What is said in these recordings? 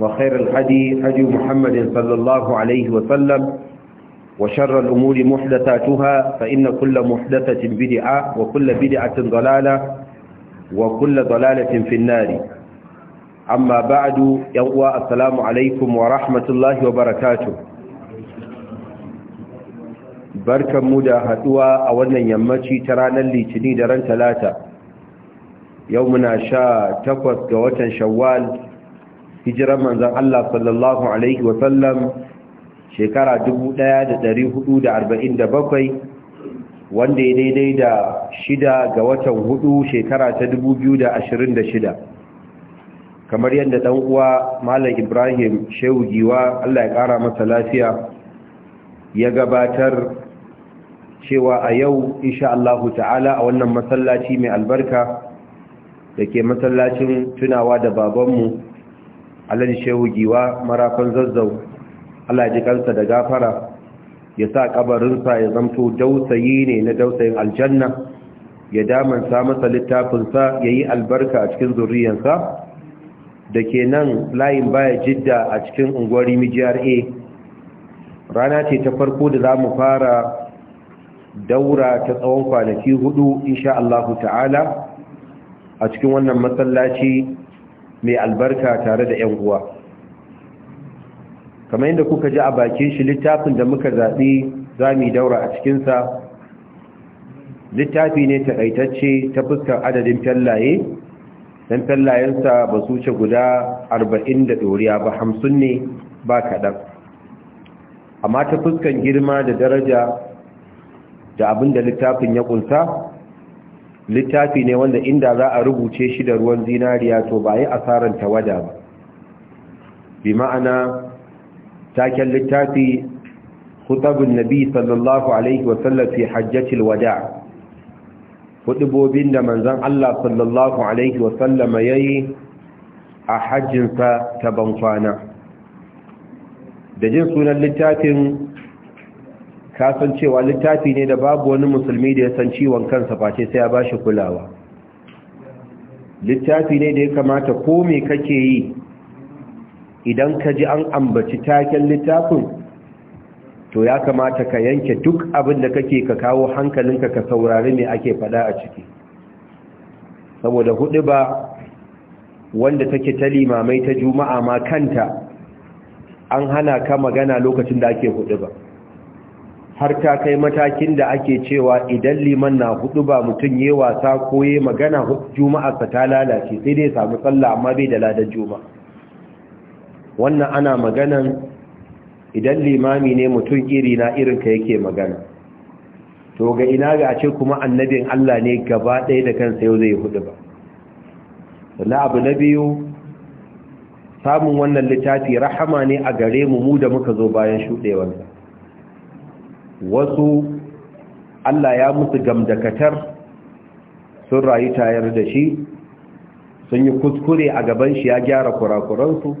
وخير الحدي حدي محمد صلى الله عليه وسلم وشر الأمور محدثاتها فإن كل محدثة بدعة وكل بدعة ضلالة وكل ضلالة في النار أما بعد يوى السلام عليكم ورحمة الله وبركاته barkan mu da haduwa a wannan yammaci ta ranar litini da ran talata yau muna sha takwas ga watan shawwal hijiran manzan Allah sallallahu Alaihi wasallam shekara 1447 wanda ya daidai da shida ga watan hudu shekara ta 2026 kamar yadda dan uwa Malam Ibrahim Shehu Giwa Allah ya kara masa lafiya ya gabatar cewa a yau insha Allah ta'ala a wannan masallaci mai albarka da ke masallacin tunawa da babanmu alhaji shehu giwa marafan zazzau Allah ji kansa da gafara ya sa kabarinsa ya zamto dausayi ne na dausayin aljanna ya sa masa littafinsa ya yi albarka a cikin zuriyarsa da ke nan layin baya jidda a cikin unguwar gra rana ce ta farko da za mu fara daura ta tsawon kwanaki hudu insha Allahu ta'ala a cikin wannan masallaci. mai albarka tare da ‘yan uwa kamar yadda kuka ji a bakin shi littafin da muka zaɓi za mu daura a cikinsa littafi ne taƙaitacce ta fuskar adadin tallaye don fellayensa ba su ce guda arba'in da ɗoriya ba hamsin ne ba kaɗan amma ta fuskar girma da daraja da abin da littafin ya ƙunsa littafi ne wanda inda za a rubuce shi da ruwan zinariya to ba yi asarar tawada ba bi ma'ana taken littafi hutabun nabi sallallahu alaihi wasallam fi hajjatil wada hudubobin da manzon Allah sallallahu alaihi wasallam yayi a hajjinsa ta bankwana da jin sunan littafin ka san cewa littafi ne da babu wani musulmi da ya san ciwon kansa face sai ya ba shi kulawa littafi ne da ya kamata ko me kake yi idan ka ji an ambaci taken littafin to ya kamata ka yanke duk abin da kake ka kawo hankalinka ka saurari me ake faɗa a ciki saboda hudu ba wanda take ta limamai ta juma'a ma kanta an hana ka magana lokacin da ake hudu ba har ta kai matakin da ake cewa idan liman na hudu ba mutum yi wasa ko yi magana juma'arsa ta lalace sai dai samu tsalla amma bai da ladar juma'a wannan ana maganan idan limami ne mutum iri na irinka yake magana to ga ina ga a ce kuma annabin Allah ne gaba ɗaya da kansa yau zai hudu ba sannan abu na biyu samun wannan littafi rahama ne a gare mu mu da muka zo bayan shuɗewarsa wasu Allah ya musu gamdakatar sun rayu tayar da shi sun yi kuskure a gaban shi ya gyara kurakuransu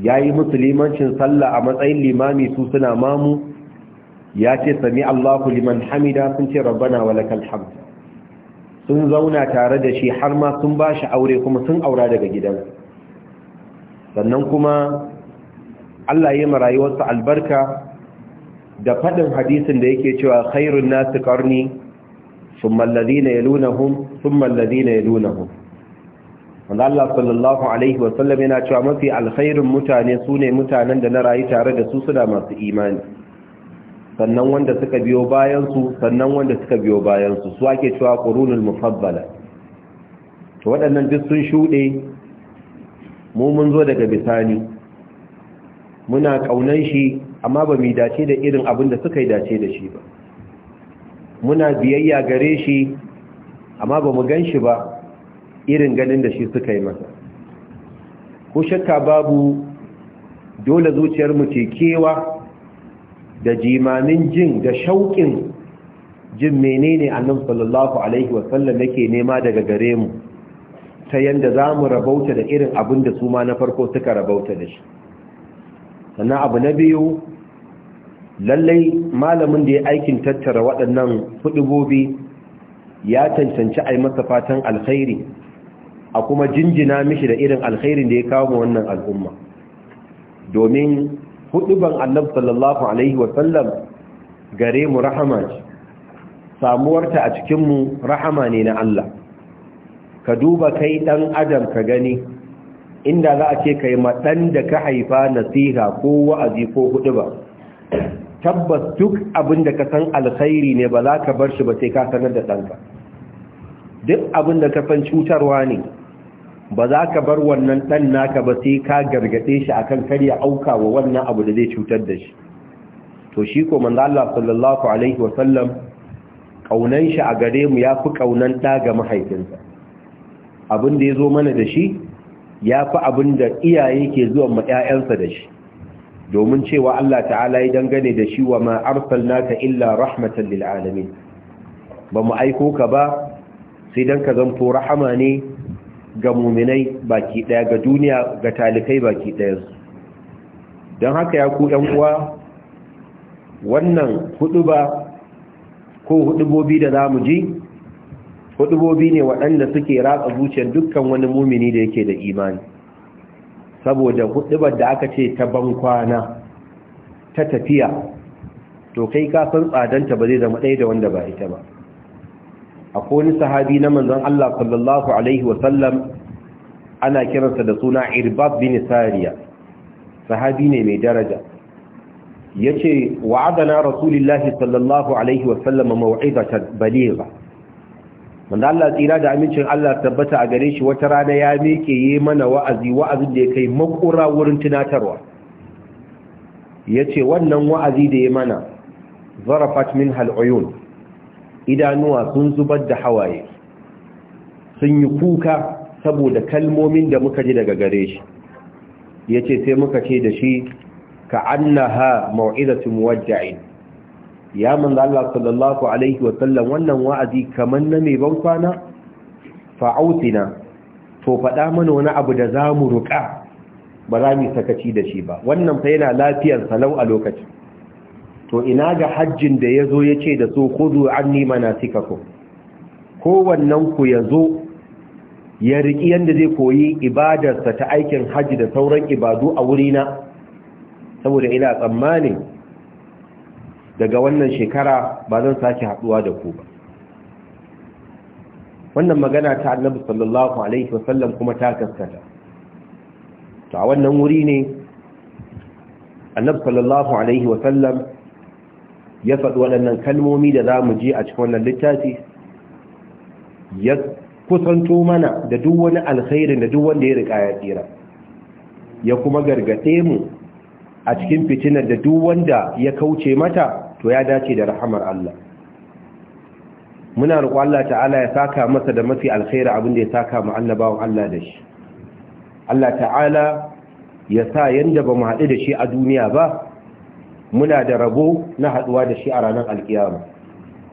ya yi musu limancin sallah a matsayin limami su suna mamu ya ce sami Allahu liman hamida sun ce rabbana walakal hamd sun zauna tare da shi har ma sun ba shi aure kuma sun aura daga gidan. sannan kuma Allah ya yi wasu albarka da faɗin hadisin da yake cewa khairun nasu ƙarni sun mallazi na hun, sun mallazi na yalunahun wanda Allah sallallahu Alaihi wasallam yana cewa mafi alkhairun mutane su ne mutanen da na rayu tare da su suna masu imani sannan wanda suka biyo bayansu sannan wanda suka biyo bayansu su ake cewa ƙorunul mufabbala to waɗannan duk sun shuɗe mu mun zo daga bisani muna ƙaunan shi amma ba mu dace da irin abin da suka yi dace da shi ba muna biyayya gare shi amma ba mu gan shi ba irin ganin da shi suka yi masa ko shakka babu dole zuciyarmu ce kewa da jimanin jin da shauƙin jin menene annabi sallallahu alaihi wasallam yake nema daga gare mu ta yadda za mu rabauta da irin abin da su ma na farko suka rabauta da shi sannan abu na biyu lallai malamin da ya aikin tattara waɗannan hudubobi ya cancanci a yi masa fatan alkhairi a kuma jinjina mishi da irin alkhairin da ya kawo wannan al'umma domin huduban annab sallallahu alaihi wasallam gare mu rahama ce samuwarta a cikinmu rahama ne na Allah ka duba kai ɗan adam ka gani inda za a ce kai maɗan da ka haifa nasiha ko wa'azi ko hudu ba tabbas duk abin da ka san alkhairi ne ba za ka bar shi ba sai ka sanar da ɗanka duk abin da ka san cutarwa ne ba za ka bar wannan ɗan naka ba sai ka gargaɗe shi akan karya auka wa wannan abu da zai cutar da shi to shi ko manzo Allah sallallahu alaihi wa sallam kaunan shi a gare mu yafi kaunan ɗa ga mahaifinsa abin da ya zo mana da shi ya fi abin da iyaye ke zuwa ma 'ya'yansa da shi domin cewa Allah ta'ala ya dangane da shi wa ma naka illa rahmatan lilalami alamin ba mu aiko ka ba sai don ka zanto rahama ne ga muminai baki ɗaya ga duniya ga talikai baki ɗayansu don haka ya ku ɗan uwa wannan hudu ba ko hudubobi da za mu ji hudubobi ne waɗanda suke ratsa zuciyar dukkan wani mumini da yake da imani saboda hudubar da aka ce ta bankwana ta tafiya to kai kasan tsadanta ba zai zama ɗaya da wanda ba ita ba akwai wani sahabi na manzon Allah sallallahu alaihi wasallam ana kiransa da suna irbab bin sariya sahabi ne mai daraja yace wa'adana rasulullahi sallallahu alaihi wasallam maw'izatan baligha wanda Allah tsira da amincin Allah tabbata a gare shi wata rana ya meke yi mana wa'azi wa'azin da ya kai makura wurin tunatarwa Ya ce wannan wa'azi da ya mana zarafat min hal'ayun idanuwa sun zubar da hawaye sun yi kuka saboda kalmomin da muka ji daga gare shi Ya ce sai muka ce da shi ka annaha mau'izatu wajja'in ya manzo Allah sallallahu alaihi wa sallam wannan wa'azi kamar na mai ban kwana fa'autina to faɗa mana wani abu da za mu ruƙa ba za mu sakaci da shi ba wannan fa yana lafiyar salau a lokaci to ina ga hajjin da ya zo ya ce da su kudu an nima na sika ku kowannen ku ya zo ya riƙi yadda zai koyi ibadarsa ta aikin hajji da sauran ibadu a wurina saboda ina tsammanin daga wannan shekara ba zan sake haduwa da ku ba wannan magana ta annabi sallallahu alaihi wasallam kuma ta kaskata to a wannan wuri ne annabi sallallahu alaihi wasallam ya faɗi waɗannan kalmomi da za mu ji a cikin wannan littafi ya kusanto mana da duk wani alkhairin da duk wanda ya riƙa ya tsira ya kuma gargaɗe mu a cikin fitinar da duk wanda ya kauce mata to ya dace da rahamar Allah muna roƙo Allah ta'ala ya saka masa da mafi alkhairi abin da ya saka mu annabawan Allah da shi Allah ta'ala ya sa yanda ba haɗu da shi a duniya ba muna da rabo na haɗuwa da shi a ranar alkiyama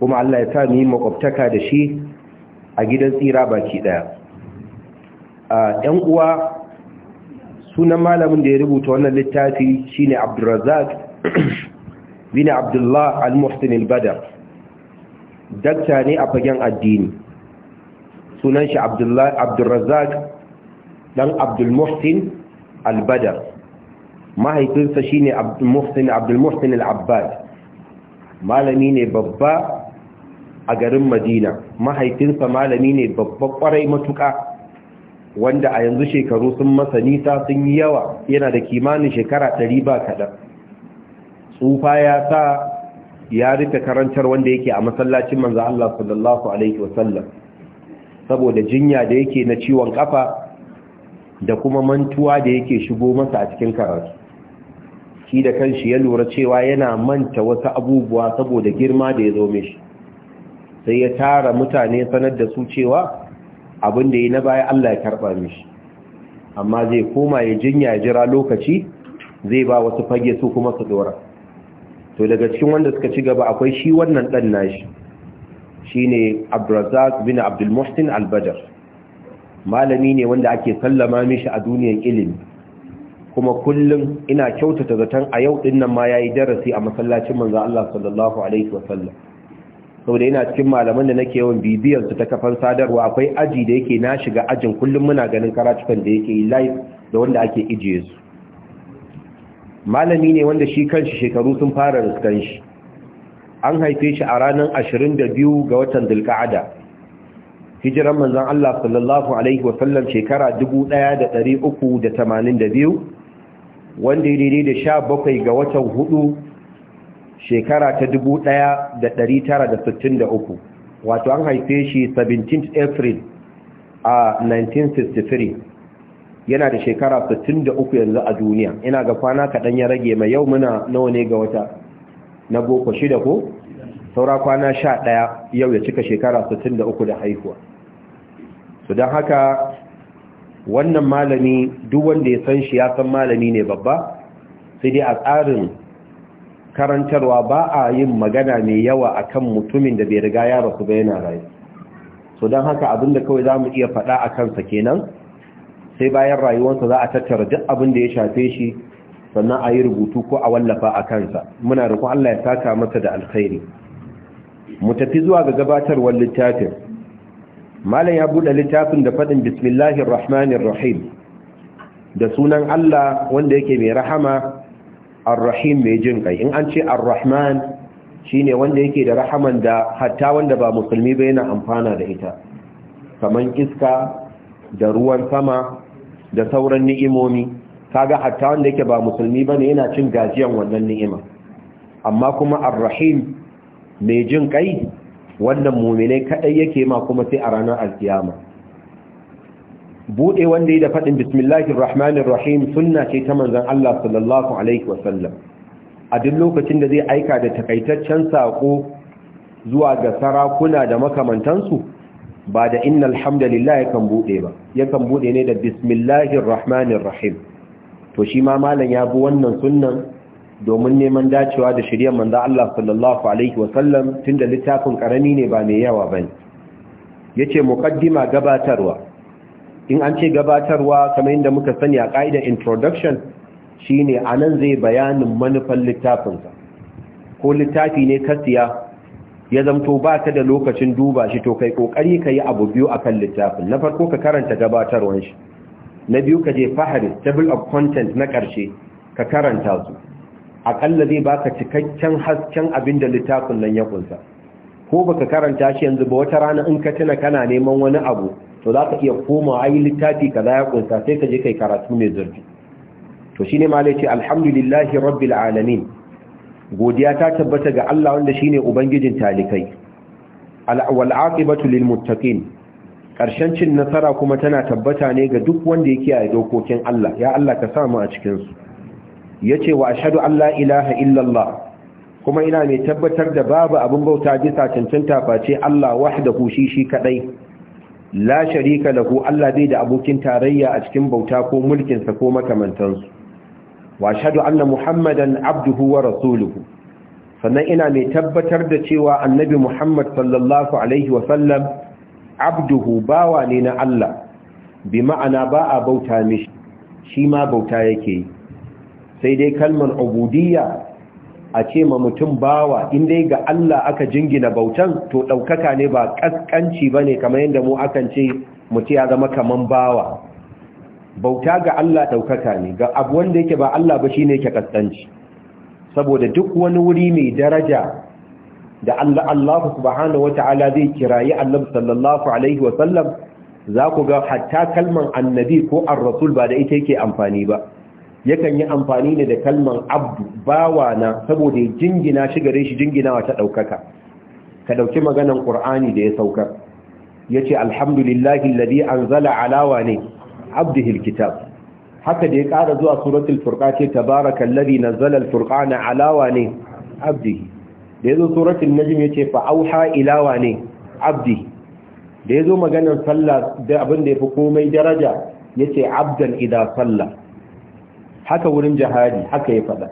kuma Allah ya sa mu yi makwabtaka da shi a gidan tsira baki ɗaya ‘yan uwa sunan malamin da ya rubuta wannan littafi shine Abdulrazak bin abdullah al-muhsin al-badar dakta ne a fagen addini sunan shi abdulrazak dan abdulmuhsin al-badar mahaifinsa shi ne abdulmuhsin al-abbad malami ne babba a garin madina mahaifinsa malami ne babba kwarai matuka wanda a yanzu shekaru sun masa nisa sun yi yawa yana da kimanin shekara ɗari ba kaɗan tsufa ya sa ya rika karantar wanda yake a masallacin manzo Allah sallallahu alaihi wasallam saboda jinya da yake na ciwon kafa da kuma mantuwa da yake shigo masa a cikin karatu shi da kanshi ya lura cewa yana manta wasu abubuwa saboda girma da ya zo mishi sai ya tara mutane sanar da su cewa abin da yi na baya Allah ya karba mishi amma zai koma ya jinya ya jira lokaci zai ba wasu fage su kuma su dora to daga cikin wanda suka ci gaba akwai shi wannan dan nashi shine Abdurrazzaq bin Abdul Muhsin Al-Badr malami ne wanda ake sallama mishi a duniyar ilimi kuma kullum ina kyautata zaton a yau din nan ma yayi darasi a masallacin manzo Allah sallallahu alaihi wasallam saboda ina cikin malaman da nake yawan bibiyar su ta kafan sadarwa akwai aji da yake na shiga ajin kullum muna ganin karatukan da yake live da wanda ake ijiye su malami ne wanda shi kanshi shekaru sun fara riskan shi an haife shi a ranar 22 ga watan dulka'ada hijiran manzan Allah sallallahu Alaihi wasallam shekara 1382 wanda ya daidai da sha bakwai ga watan hudu shekara ta 1963 wato an haife shi 17 april a 1963 yana da shekara 63 yanzu a duniya ina ga kwana kaɗan ya rage mai yau muna nawa ne ga wata na boko shida ko saura kwana 11 yau ya cika shekara 63 da haihuwa su don haka wannan malami duk wanda ya san shi ya san malami ne babba sai dai a tsarin karantarwa ba a yin magana mai yawa akan mutumin da bai riga ya rasu ba yana rayu so don haka abinda kawai za mu iya faɗa a kansa kenan sai bayan rayuwarsa za a tattara duk abin da ya shafe shi sannan a yi rubutu ko a wallafa a kansa muna rikon Allah ya saka masa da alkhairi mu tafi zuwa ga gabatarwar littafin malam ya buɗe littafin da faɗin bismillahir rahmanir rahim da sunan Allah wanda yake mai rahama ar-rahim mai jin kai in an ce ar-rahman shine wanda yake da rahaman da hatta wanda ba musulmi ba yana amfana da ita kaman iska da ruwan sama da sauran ni'imomi kaga hatta wanda yake ba musulmi bane yana cin gajiyan wannan ni'ima amma kuma ar-rahim mai jin kai wannan mu'minai kadai yake ma kuma sai a ranar alkiyama bude wanda yi da fadin bismillahir rahmanir rahim sunna ce ta manzon Allah sallallahu alaihi wa sallam" a duk lokacin da zai aika da takaitaccen sako zuwa ga sarakuna da makamantansu ba da inna alhamdulillah yakan bude ba yakan bude ne da bismillahir to shi ma malam ya bi wannan sunnan domin neman dacewa da shiryar manzo Allah sallallahu alaihi wasallam tunda littafin karami ne ba mai yawa bane yace muqaddima gabatarwa in an ce gabatarwa kamar yadda muka sani a ka'idar introduction shine anan zai bayanin manufan littafinsa ko littafi ne kasiya ya zamto ba ka da lokacin duba shi to kai kokari ka yi abu biyu a kan littafin na farko ka karanta gabatarwan shi na biyu ka je fahari table of content na ƙarshe ka karanta su aƙalla zai baka cikakken hasken abin da littafin nan ya kunsa ko baka karanta shi yanzu ba wata rana in ka tuna kana neman wani abu to za ka iya koma ayi littafi kaza ya kunsa sai ka je kai karatu mai zurfi to shine ma ce alhamdulillahi rabbil alamin godiya ta tabbata ga Allah wanda shine ubangijin talikai wal aqibatu lil muttaqin karshen cin nasara kuma tana tabbata ne ga duk wanda yake a dokokin Allah ya Allah ka sa a cikinsu. su yace wa ashhadu Allah ilaha illallah kuma ina mai tabbatar da babu abin bauta bisa cancanta face Allah wahdahu shi shi kadai la sharika lahu Allah bai da abokin tarayya a cikin bauta ko mulkin sa ko makamantansu wa ashhadu anna muhammadan abduhu wa rasuluhu sannan ina mai tabbatar da cewa annabi muhammad sallallahu alaihi wa abduhu bawa ne na Allah bi ma'ana ba a bauta mishi shi ma bauta yake sai dai kalmar ubudiyya a ce ma mutum bawa dai ga Allah aka jingina bautan to ɗaukaka ne ba ƙasƙanci ba ne kamar yadda mu akan ce mutu ya zama kaman bawa bauta ga Allah ɗaukaka ne ga abu wanda yake ba Allah ba shine yake kaskanci saboda duk wani wuri mai daraja da Allah Allah subhanahu ta'ala zai kirayi Annabi sallallahu alaihi wa sallam za ku ga hatta kalman annabi ko ar-rasul ba da ita yake amfani ba yakan yi amfani ne da kalman abdu bawana saboda ya jingina shi gare shi jinginawa ta ɗaukaka ka ɗauki maganan ƙur'ani da ya saukar ya ce alhamdulillahi ladi anzala zala alawa ne abdihi alkitab haka da ya ƙara zuwa suratul furqan ce tabarakal ladhi nazzala alfurqana ala wani abdihi da yazo suratul najm yace fa auha ila wani Abdi. da yazo maganar sallah da abin da yafi komai daraja yace abdan idza salla haka wurin jihadi haka ya fada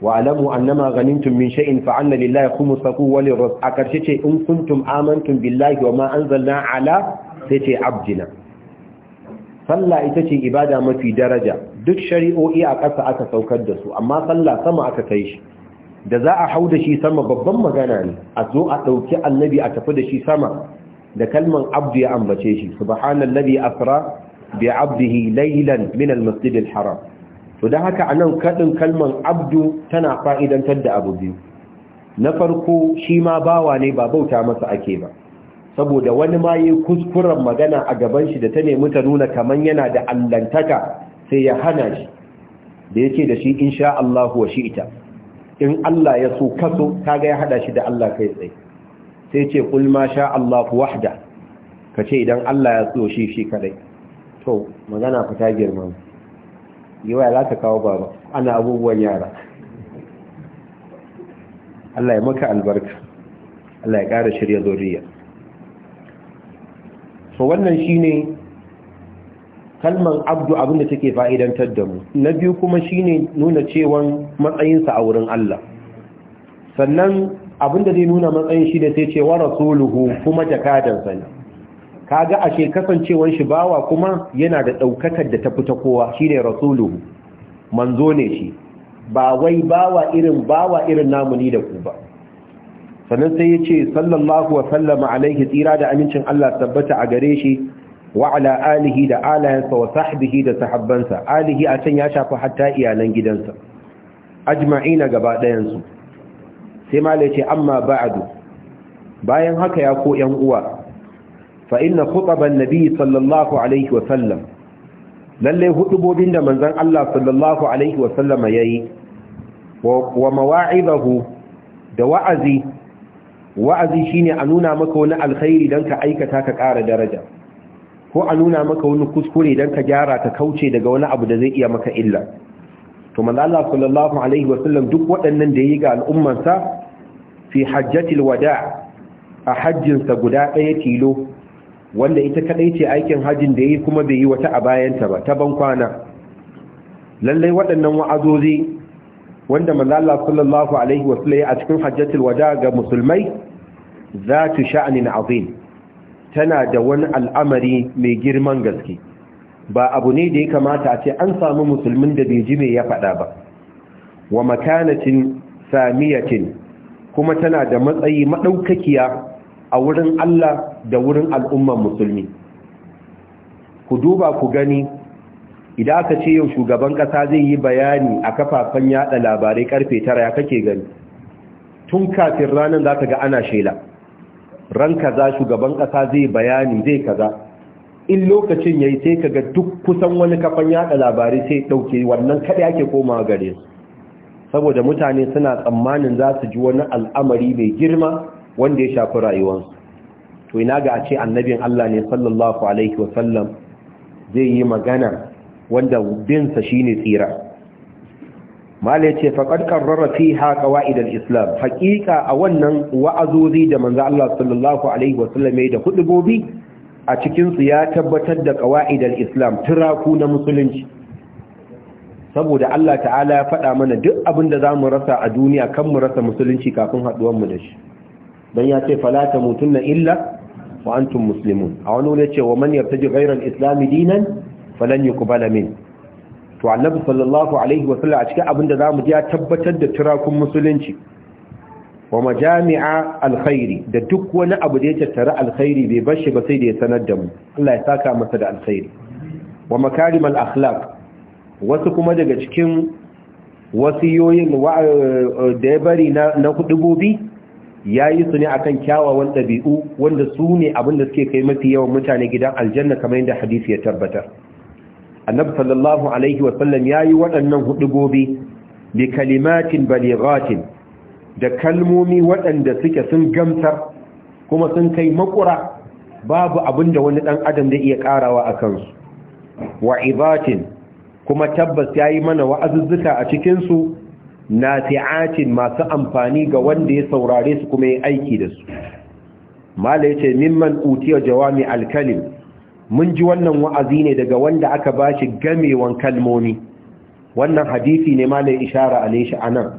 wa alamu annama ghanimtum min shay'in fa anna lillahi khumsuhu wa lirrasul akarshe ce in kuntum amantum billahi wa ma anzalna ala sai ce abdina sallah ita ce ibada mafi daraja duk shari'o'i a ƙasa aka saukar da su amma sallah sama aka kai shi da za a hau da shi sama babban magana ne a zo a ɗauki annabi a tafi da shi sama da kalman abdu ya ambace shi nabi asra bi abdihi laylan min almasjidil haram to da haka anan kadin kalman abdu tana fa'idantar da abu biyu na farko shi ma bawa ne ba bauta masa ake ba saboda wani ma yi kuskuren magana a gaban shi da ta nemi ta nuna kaman yana da allantaka sai ya hana shi da yake da shi insha Allah wa ita in Allah ya so kaso kaga ya hada shi da Allah kai tsaye sai ce kul ma sha Allah wahda kace idan Allah ya so shi shi kadai to magana ku ta girma yawa za ta kawo baba ana abubuwan yara Allah ya maka albarka Allah ya ƙara shirya zuriya so wannan shine kalman abdu abinda take fa'idantar da mu na biyu kuma shine nuna cewon matsayinsa a wurin Allah sannan abinda zai nuna matsayin shi da sai cewa rasuluhu kuma jakadansa ne kaga ashe kasancewan shi bawa kuma yana da daukakar da ta fita kowa shine rasuluhu manzo ne shi ba wai bawa irin bawa irin namu ni da ku ba sannan sai ya ce sallallahu wa sallama alaihi tsira da amincin Allah tabbata a gare shi wa ala alihi da alayensa, wa sahbihi da sahabbansa alihi a can ya shafi hatta iyalan gidansa ajma'ina gaba ɗayansu sai ma ce amma ba'adu bayan haka ya ko ‘yan uwa fa inna khutaban nabi sallallahu alaihi wa sallam lallai hudubobin da manzon Allah sallallahu alaihi wa sallama yayi wa mawa'idahu da wa'azi wa'azi shine a nuna maka wani alkhairi don ka aikata ka ƙara daraja ko a nuna maka wani kuskure don ka gyara ka kauce daga wani abu da zai iya maka illa to manzo Allah sallallahu alaihi wasallam duk waɗannan da yi ga al'ummansa fi hajjatil wada a hajjinsa guda ɗaya tilo wanda ita kadai ce aikin hajjin da yi kuma bai yi wata a bayanta ba ta ban kwana lallai waɗannan wa'azozi wanda manzo Allah sallallahu alaihi wasallam a cikin hajjatul wada ga musulmai zatu sha'anin azim tana da wani al'amari mai girman gaske ba abu ne da ya kamata a ce an samu musulmin da bai ji mai ya faɗa ba wa makanatin samiyatin kuma tana da matsayi maɗaukakiya a wurin Allah da wurin al'umman musulmi ku duba ku gani idan aka ce yau shugaban ƙasa zai yi bayani a kafafen yada labarai karfe tara ya kake gani tun kafin ranar za ta ga ana shela ran kaza shugaban ƙasa zai bayani zai kaza in lokacin yayi sai kaga duk kusan wani kafan yada labarai sai dauke wannan kada yake koma gare saboda mutane suna tsammanin za su ji wani al'amari mai girma wanda ya shafi rayuwarsu to ina ga a ce annabin Allah ne sallallahu alaihi wasallam zai yi magana wanda binsa shine tsira malai ce faƙad ƙarrara fi wa'idar islam haƙiƙa a wannan wa'azozi da manza Allah sallallahu alaihi wasallam da hudubobi a cikinsu ya tabbatar da ƙawa'idar islam turaku na musulunci saboda Allah ta'ala ya faɗa mana duk abin da za mu rasa a duniya kan mu rasa musulunci kafin mu da shi don ya ce falata mutunna illa wa antum a wani wani ce wa man yartaji ghairal islami dinan falan yuqbala min to annabi sallallahu alaihi wasallam a cikin abin da zamu ji ya tabbatar da turakun musulunci wa majami'a alkhairi da duk wani abu da ya tattara alkhairi bai bar shi ba sai da ya sanar da mu Allah ya saka masa da alkhairi wa makarimal akhlaq wasu kuma daga cikin wasiyoyin eh, eh, da ya bari na na kudubobi yayi su ne akan kyawawan ɗabi'u wanda su ne abin da suke kai mafi yawan mutane gidan aljanna kamar yadda hadisi ya tabbatar annabi sallallahu alaihi sallam ya yi waɗannan gobe bi kalimatin balighatin da kalmomi waɗanda suke sun gamsar kuma sun kai makura babu abin da wani ɗan adam zai iya ƙarawa a kansu Wa ibatin kuma tabbas ya yi mana wa'azuzzuka a cikinsu na fi'atin masu amfani ga wanda ya saurare su kuma ya aiki da su mala ya ce mimman utiya jawami alkalim mun ji wannan wa'azi ne daga wanda aka bashi gamewan kalmomi wannan hadisi ne ma da ishara a shi anan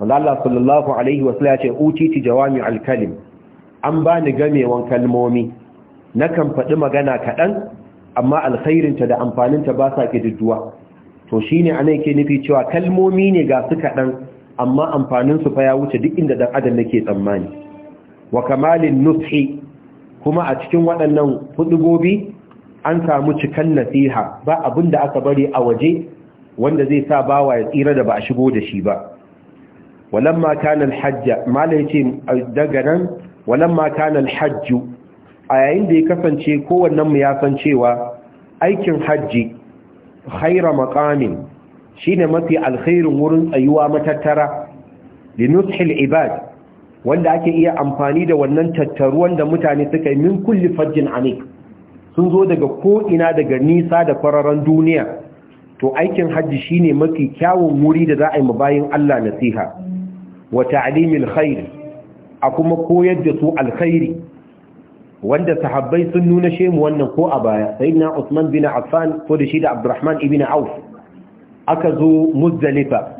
nan. Allah sallallahu alaihi wasallam ya ce utiti jawami alkalim an bani gamewan kalmomi nakan faɗi magana kaɗan amma alkhairinta da amfaninta ba sa to shi ne ana yake nufi cewa kalmomi ne ga su kaɗan amma amfaninsu fa ya wuce duk inda ɗan adam nake tsammani wa kamalin nufi kuma a cikin waɗannan hudubobi an samu cikan nasiha ba abin da aka bari a waje wanda zai sa bawa ya tsira da ba a shigo da shi ba Walan walamma kana alhajja mala ce daga nan walan maka kana alhajju a yayin da ya kasance kowannen mu ya san cewa aikin hajji makamin shi shine mafi alkhairin wurin tsayuwa matattara linus ibad wanda ake iya amfani da wannan tattaruwan da mutane suka yi min kulli fajjin amik sun zo daga ko'ina daga nisa da kwararan duniya to aikin hajji shine mafi kyawun wuri da za a yi bayan Allah nasiha wa ta'limil khair a kuma koyar da su alkhairi wanda sahabbai sun nuna shemu wannan ko a baya sayyidina Usman bin Affan ko da shi da Abdurrahman ibn Auf aka zo Muzdalifa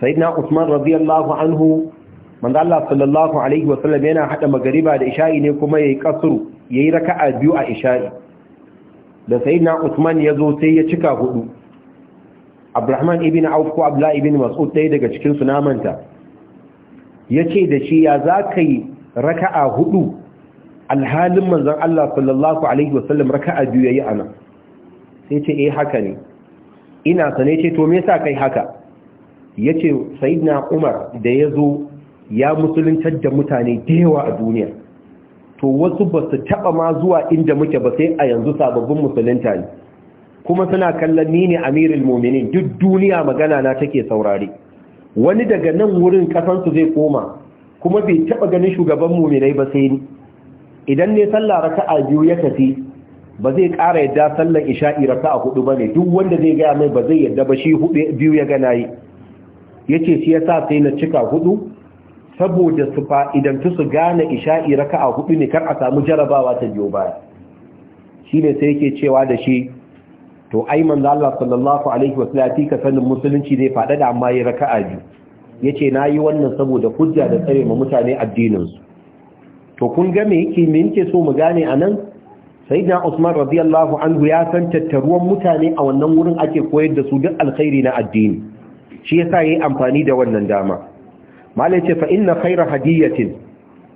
sayyidina Usman radiyallahu anhu manzo Allah sallallahu alaihi wa sallam yana hada magariba da isha'i ne kuma yayi kasru yayi raka'a biyu a isha'i da sayyidina Usman ya zo sai ya cika hudu Abdurrahman ibn Auf ko Abdullah ibn Mas'ud dai daga cikin sunamanta yace da shi ya zakai raka'a hudu alhalin manzo Allah sallallahu alaihi wa sallam raka'a biyu yayi ana sai ce eh haka ne ina sane ce to me yasa kai haka yace sayyidina Umar da yazo ya musuluntar da mutane da a duniya to wasu ba su taɓa ma zuwa inda muke ba sai a yanzu sababbin musulunta ne kuma suna kallon ni ne amirul muminin duk duniya magana na take saurare wani daga nan wurin kasansu zai koma kuma bai taɓa ganin shugaban muminai ba sai ni idan ne sallah raka'a biyu ya tafi ba zai ƙara yadda sallar isha'i raka'a hudu ba ne duk wanda zai gaya mai ba zai yadda ba shi biyu ya gana yi ya shi yasa sai na cika hudu saboda su fa'idantu su gane isha'i raka a hudu ne kar a samu jarabawa ta biyo baya shi ne sai yake cewa da shi to ai manzo Allah sallallahu alaihi fi ka sanin musulunci zai faɗa da amma yi raka'a biyu yace yi wannan saboda hujja da tsare ma mutane addininsu su to kun ga me yake me yake so mu gane anan na Usman radiyallahu anhu ya san tattaruwan mutane a wannan wurin ake koyar da su duk alkhairi na addini shi yasa yayi amfani da wannan dama malai ce fa inna khaira hadiyatin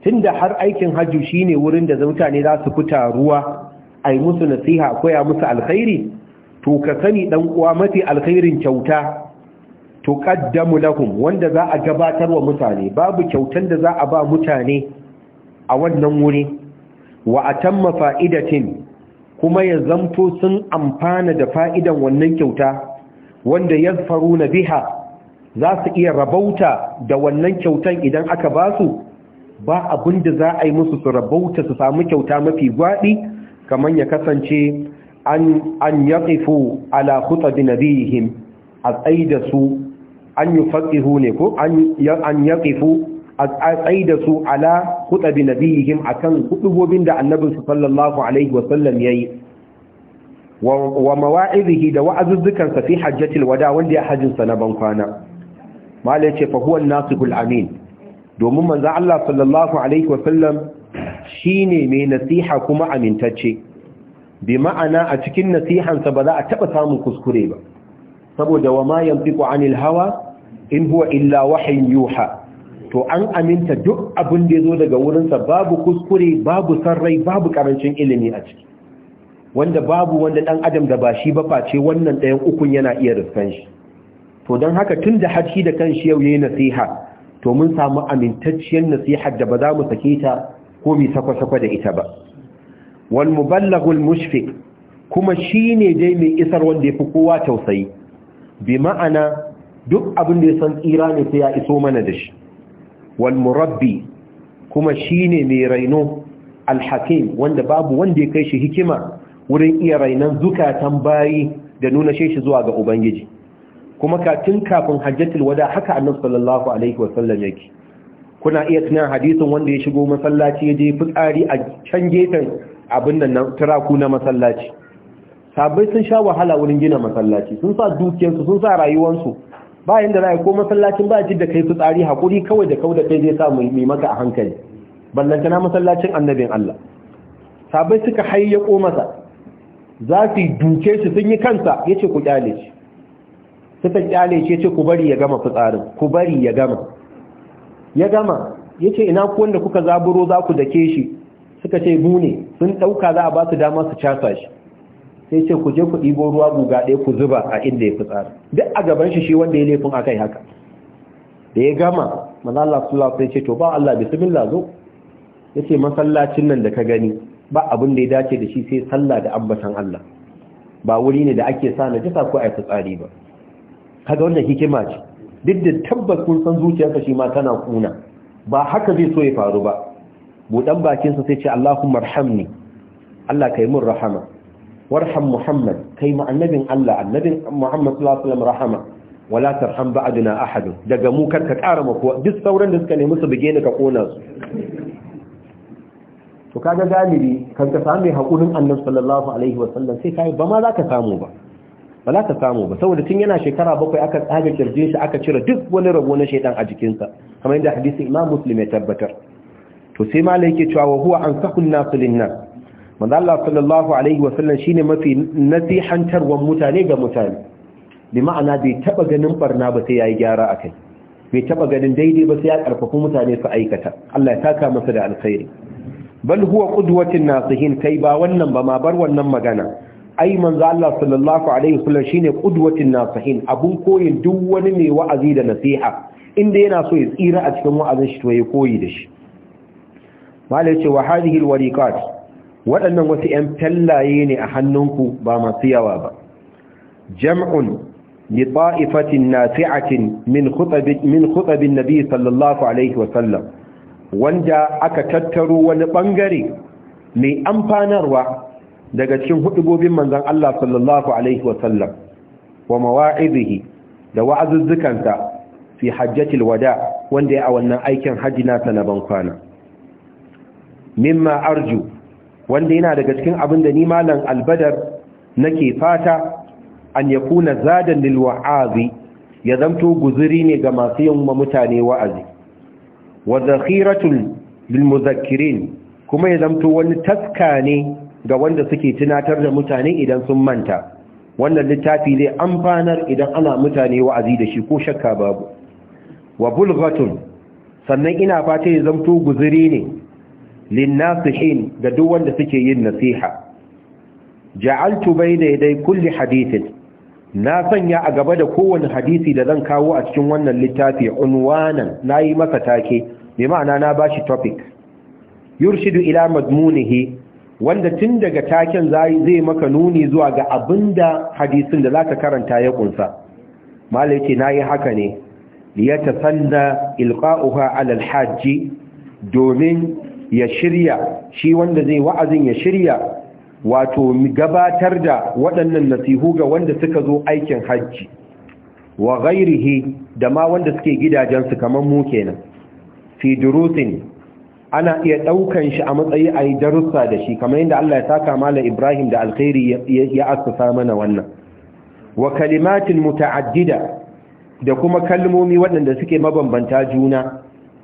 tunda har aikin hajji shine wurin da mutane za su fita ruwa ai musu nasiha koya musu alkhairi to ka sani dan uwa mafi alkhairin kyauta to qaddamu lahum wanda za a gabatar wa mutane babu kyautan da za a ba mutane a wannan wuri wa atamma fa'idatin kuma ya zamto sun amfana da fa'idan wannan kyauta wanda yadfaruna biha za su iya rabauta da wannan kyautan idan aka ba su ba abin da za a yi musu su rabauta su samu kyauta mafi gwaɗi kamar ya kasance an yaƙifu ala nabihim a tsaye da su an yi faɗihu ne ko an a tsaye da su ala hutu bi nabihim a kan hudubobin da annabinsu sallallahu alaihi wasallam ya yi wa mawa'izihi da wa'azuzzukansa fi hajjatil wada wanda ya hajjinsa na bankwana mala yace fa huwa nasihul amin domin manzo Allah sallallahu alaihi wasallam shine mai nasiha kuma amintacce bi ma'ana a cikin nasihansa ba za a taɓa samun kuskure ba saboda wa ma yantiqu anil hawa in huwa illa wahyin yuha to an aminta duk abin da zo daga wurinsa babu kuskure babu sarrai babu karancin ilimi a ciki wanda babu wanda dan adam da ba shi ba face wannan ɗayan ukun yana iya rufan shi to don haka tun da harshe da kan shi yau ya yi nasiha to mun samu amintacciyar nasihar da ba za mu sake ta ko mu sakwa-sakwa da ita ba wal muballaghul mushfiq kuma shine dai mai isar wanda ya fi kowa tausayi bi ma'ana duk abin da ya san tsira ne sai ya iso mana da shi wal murabbi kuma shine mai raino alhakim wanda babu wanda ya kai shi hikima wurin iya rainon zukatan bayi da nuna shi zuwa ga ubangiji kuma katin kafin hajjatul wada haka annabi sallallahu alaihi wasallam yake kuna iya tunan hadisin wanda ya shigo masallaci ya je fitsari a can gefen abin nan na turaku na masallaci sabai sun sha wahala wurin gina masallaci sun sa su sun sa rayuwarsu ba yanda za ko masallacin ba ji da kai fitsari hakuri kawai da kawai da kai zai sa mai maka a hankali ballanta na masallacin annabin Allah sabai suka hayyako masa zafi duke shi sun yi kansa yace ku kyale shi suka kyale ce ce ku bari ya gama fitsarin ku bari ya gama ya gama ya ce ina ku wanda kuka zaburo za ku dake shi suka ce mu ne sun ɗauka za a ba su dama su casa shi sai ce ku je ku ɗibo ruwa guga ɗaya ku zuba a inda ya fitsara duk a gaban shi shi wanda ya laifin akai haka da ya gama manzo Allah sallallahu alaihi ce to ba Allah bismillah zo yace masallacin nan da ka gani ba abin da ya dace da shi sai sallah da ambatan Allah ba wuri ne da ake sa na jisa ko ai fitsari ba kaga wanda hikima ce duk da tabbas kun san zuciyarsa shi ma tana kuna ba haka zai so ya faru ba budan bakin sa sai ce Allahumma arhamni Allah kai mun rahama warham Muhammad kai mu annabin Allah annabin Muhammad sallallahu alaihi wasallam rahama wala tarham ba'duna ahad daga mu kar ka ƙara kuwa duk sauran da suka nemi su bige ni ka kona su to kaga galibi kan ka samu hakurin Annabi sallallahu alaihi wasallam sai kai ba ma za ka samu ba ba za ka samu ba saboda tun yana shekara bakwai aka tsaga kirje shi aka cire duk wani rabo na shaidan a jikinsa kamar yadda hadisin imam muslim ya tabbatar to sai ma yake cewa wa huwa an sahun nasu nan manzo Allah sallallahu alaihi wa sallam shine mafi nasihantarwan mutane ga mutane bi ma'ana bai taba ganin barna ba sai yayi gyara a kai, bai taba ganin daidai ba sai ya karfafa mutane su aikata Allah ya taka masa da alkhairi bal huwa qudwatun nasihin kai ba wannan ba ma bar wannan magana ai manzo Allah sallallahu alaihi wasallam shine qudwatin nasihin abun koyin duk wani mai wa'azi da nasiha inda yana so ya tsira a cikin wa'azin shi to ya koyi da shi malai ce wa hadhihi alwariqat waɗannan wasu 'yan tallaye ne a hannunku ba masu yawa ba jam'un li ta'ifatin nasi'atin min khutabin min khutabin nabi sallallahu alaihi wasallam wanda aka tattaro wani bangare mai amfanarwa daga cikin hudubobin manzon Allah sallallahu alaihi wa sallam wa mawa'idihi da wa'azuzzukansa fi hajjatil wada wanda ya a wannan aikin nasa na bankwana kwana mimma arju wanda yana daga cikin abin da ni malam albadar nake fata an yakuna zadan lil wa'azi ya zamto guziri ne ga masu yin mutane wa'azi wa zakhiratul lil muzakkirin kuma ya zamto wani taska ne ga wanda suke tunatar da mutane idan sun manta wannan littafi zai amfanar idan ana mutane wa'azi da shi ko shakka babu wa bulghatun sannan ina fata ya zamto guzuri ne linnasihin ga duk wanda suke yin nasiha ja'altu bayna yaday kulli hadithin na sanya a gaba da kowane hadisi da zan kawo a cikin wannan littafi unwanan nayi masa take bi ma'ana na bashi topic yurshidu ila madmunihi wanda tun daga taken zai maka nuni zuwa ga abin da hadisin da zaka karanta ya kunsa malai na yi haka ne ya ilqa'uha 'ala al-hajj domin ya shirya shi wanda zai wa'azin ya shirya wato gabatar da waɗannan nasihu ga wanda suka zo aikin hajji wa gairihi da ma wanda suke gidajensu kamar mu kenan fi durusin ana iya ɗaukan shi a matsayi a yi darussa da shi kamar yadda Allah ya saka mala Ibrahim da alkhairi ya assasa mana wannan wa kalimatin muta'addida da kuma kalmomi waɗanda suke mabambanta juna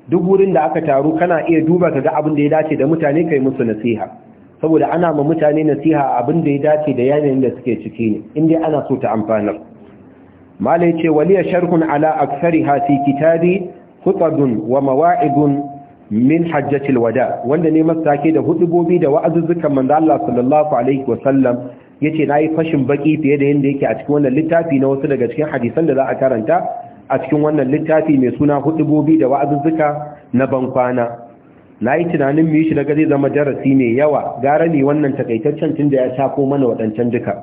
duk wurin da aka taru kana iya duba kaga abin da ya dace da mutane kai musu nasiha saboda ana ma mutane nasiha abin da ya dace da yanayin da suke ciki ne inda ana so ta amfanar mala ya ce waliya sharhun ala Aksari Hasi kitabi khutbun wa mawa'idun min hajjatil wada wanda ne masa take da hudubobi da wa'azuzzukan manzo Allah sallallahu alaihi wasallam yace nayi fashin baki fiye da yanda yake a cikin wannan littafi na wasu daga cikin hadisan da za a karanta a cikin wannan littafi mai suna hudubobi da wa'azuzzuka na bankwana nayi tunanin mu yi shi daga zai zama darasi mai yawa gara ne wannan takaitaccen tunda ya shafo mana wadancan duka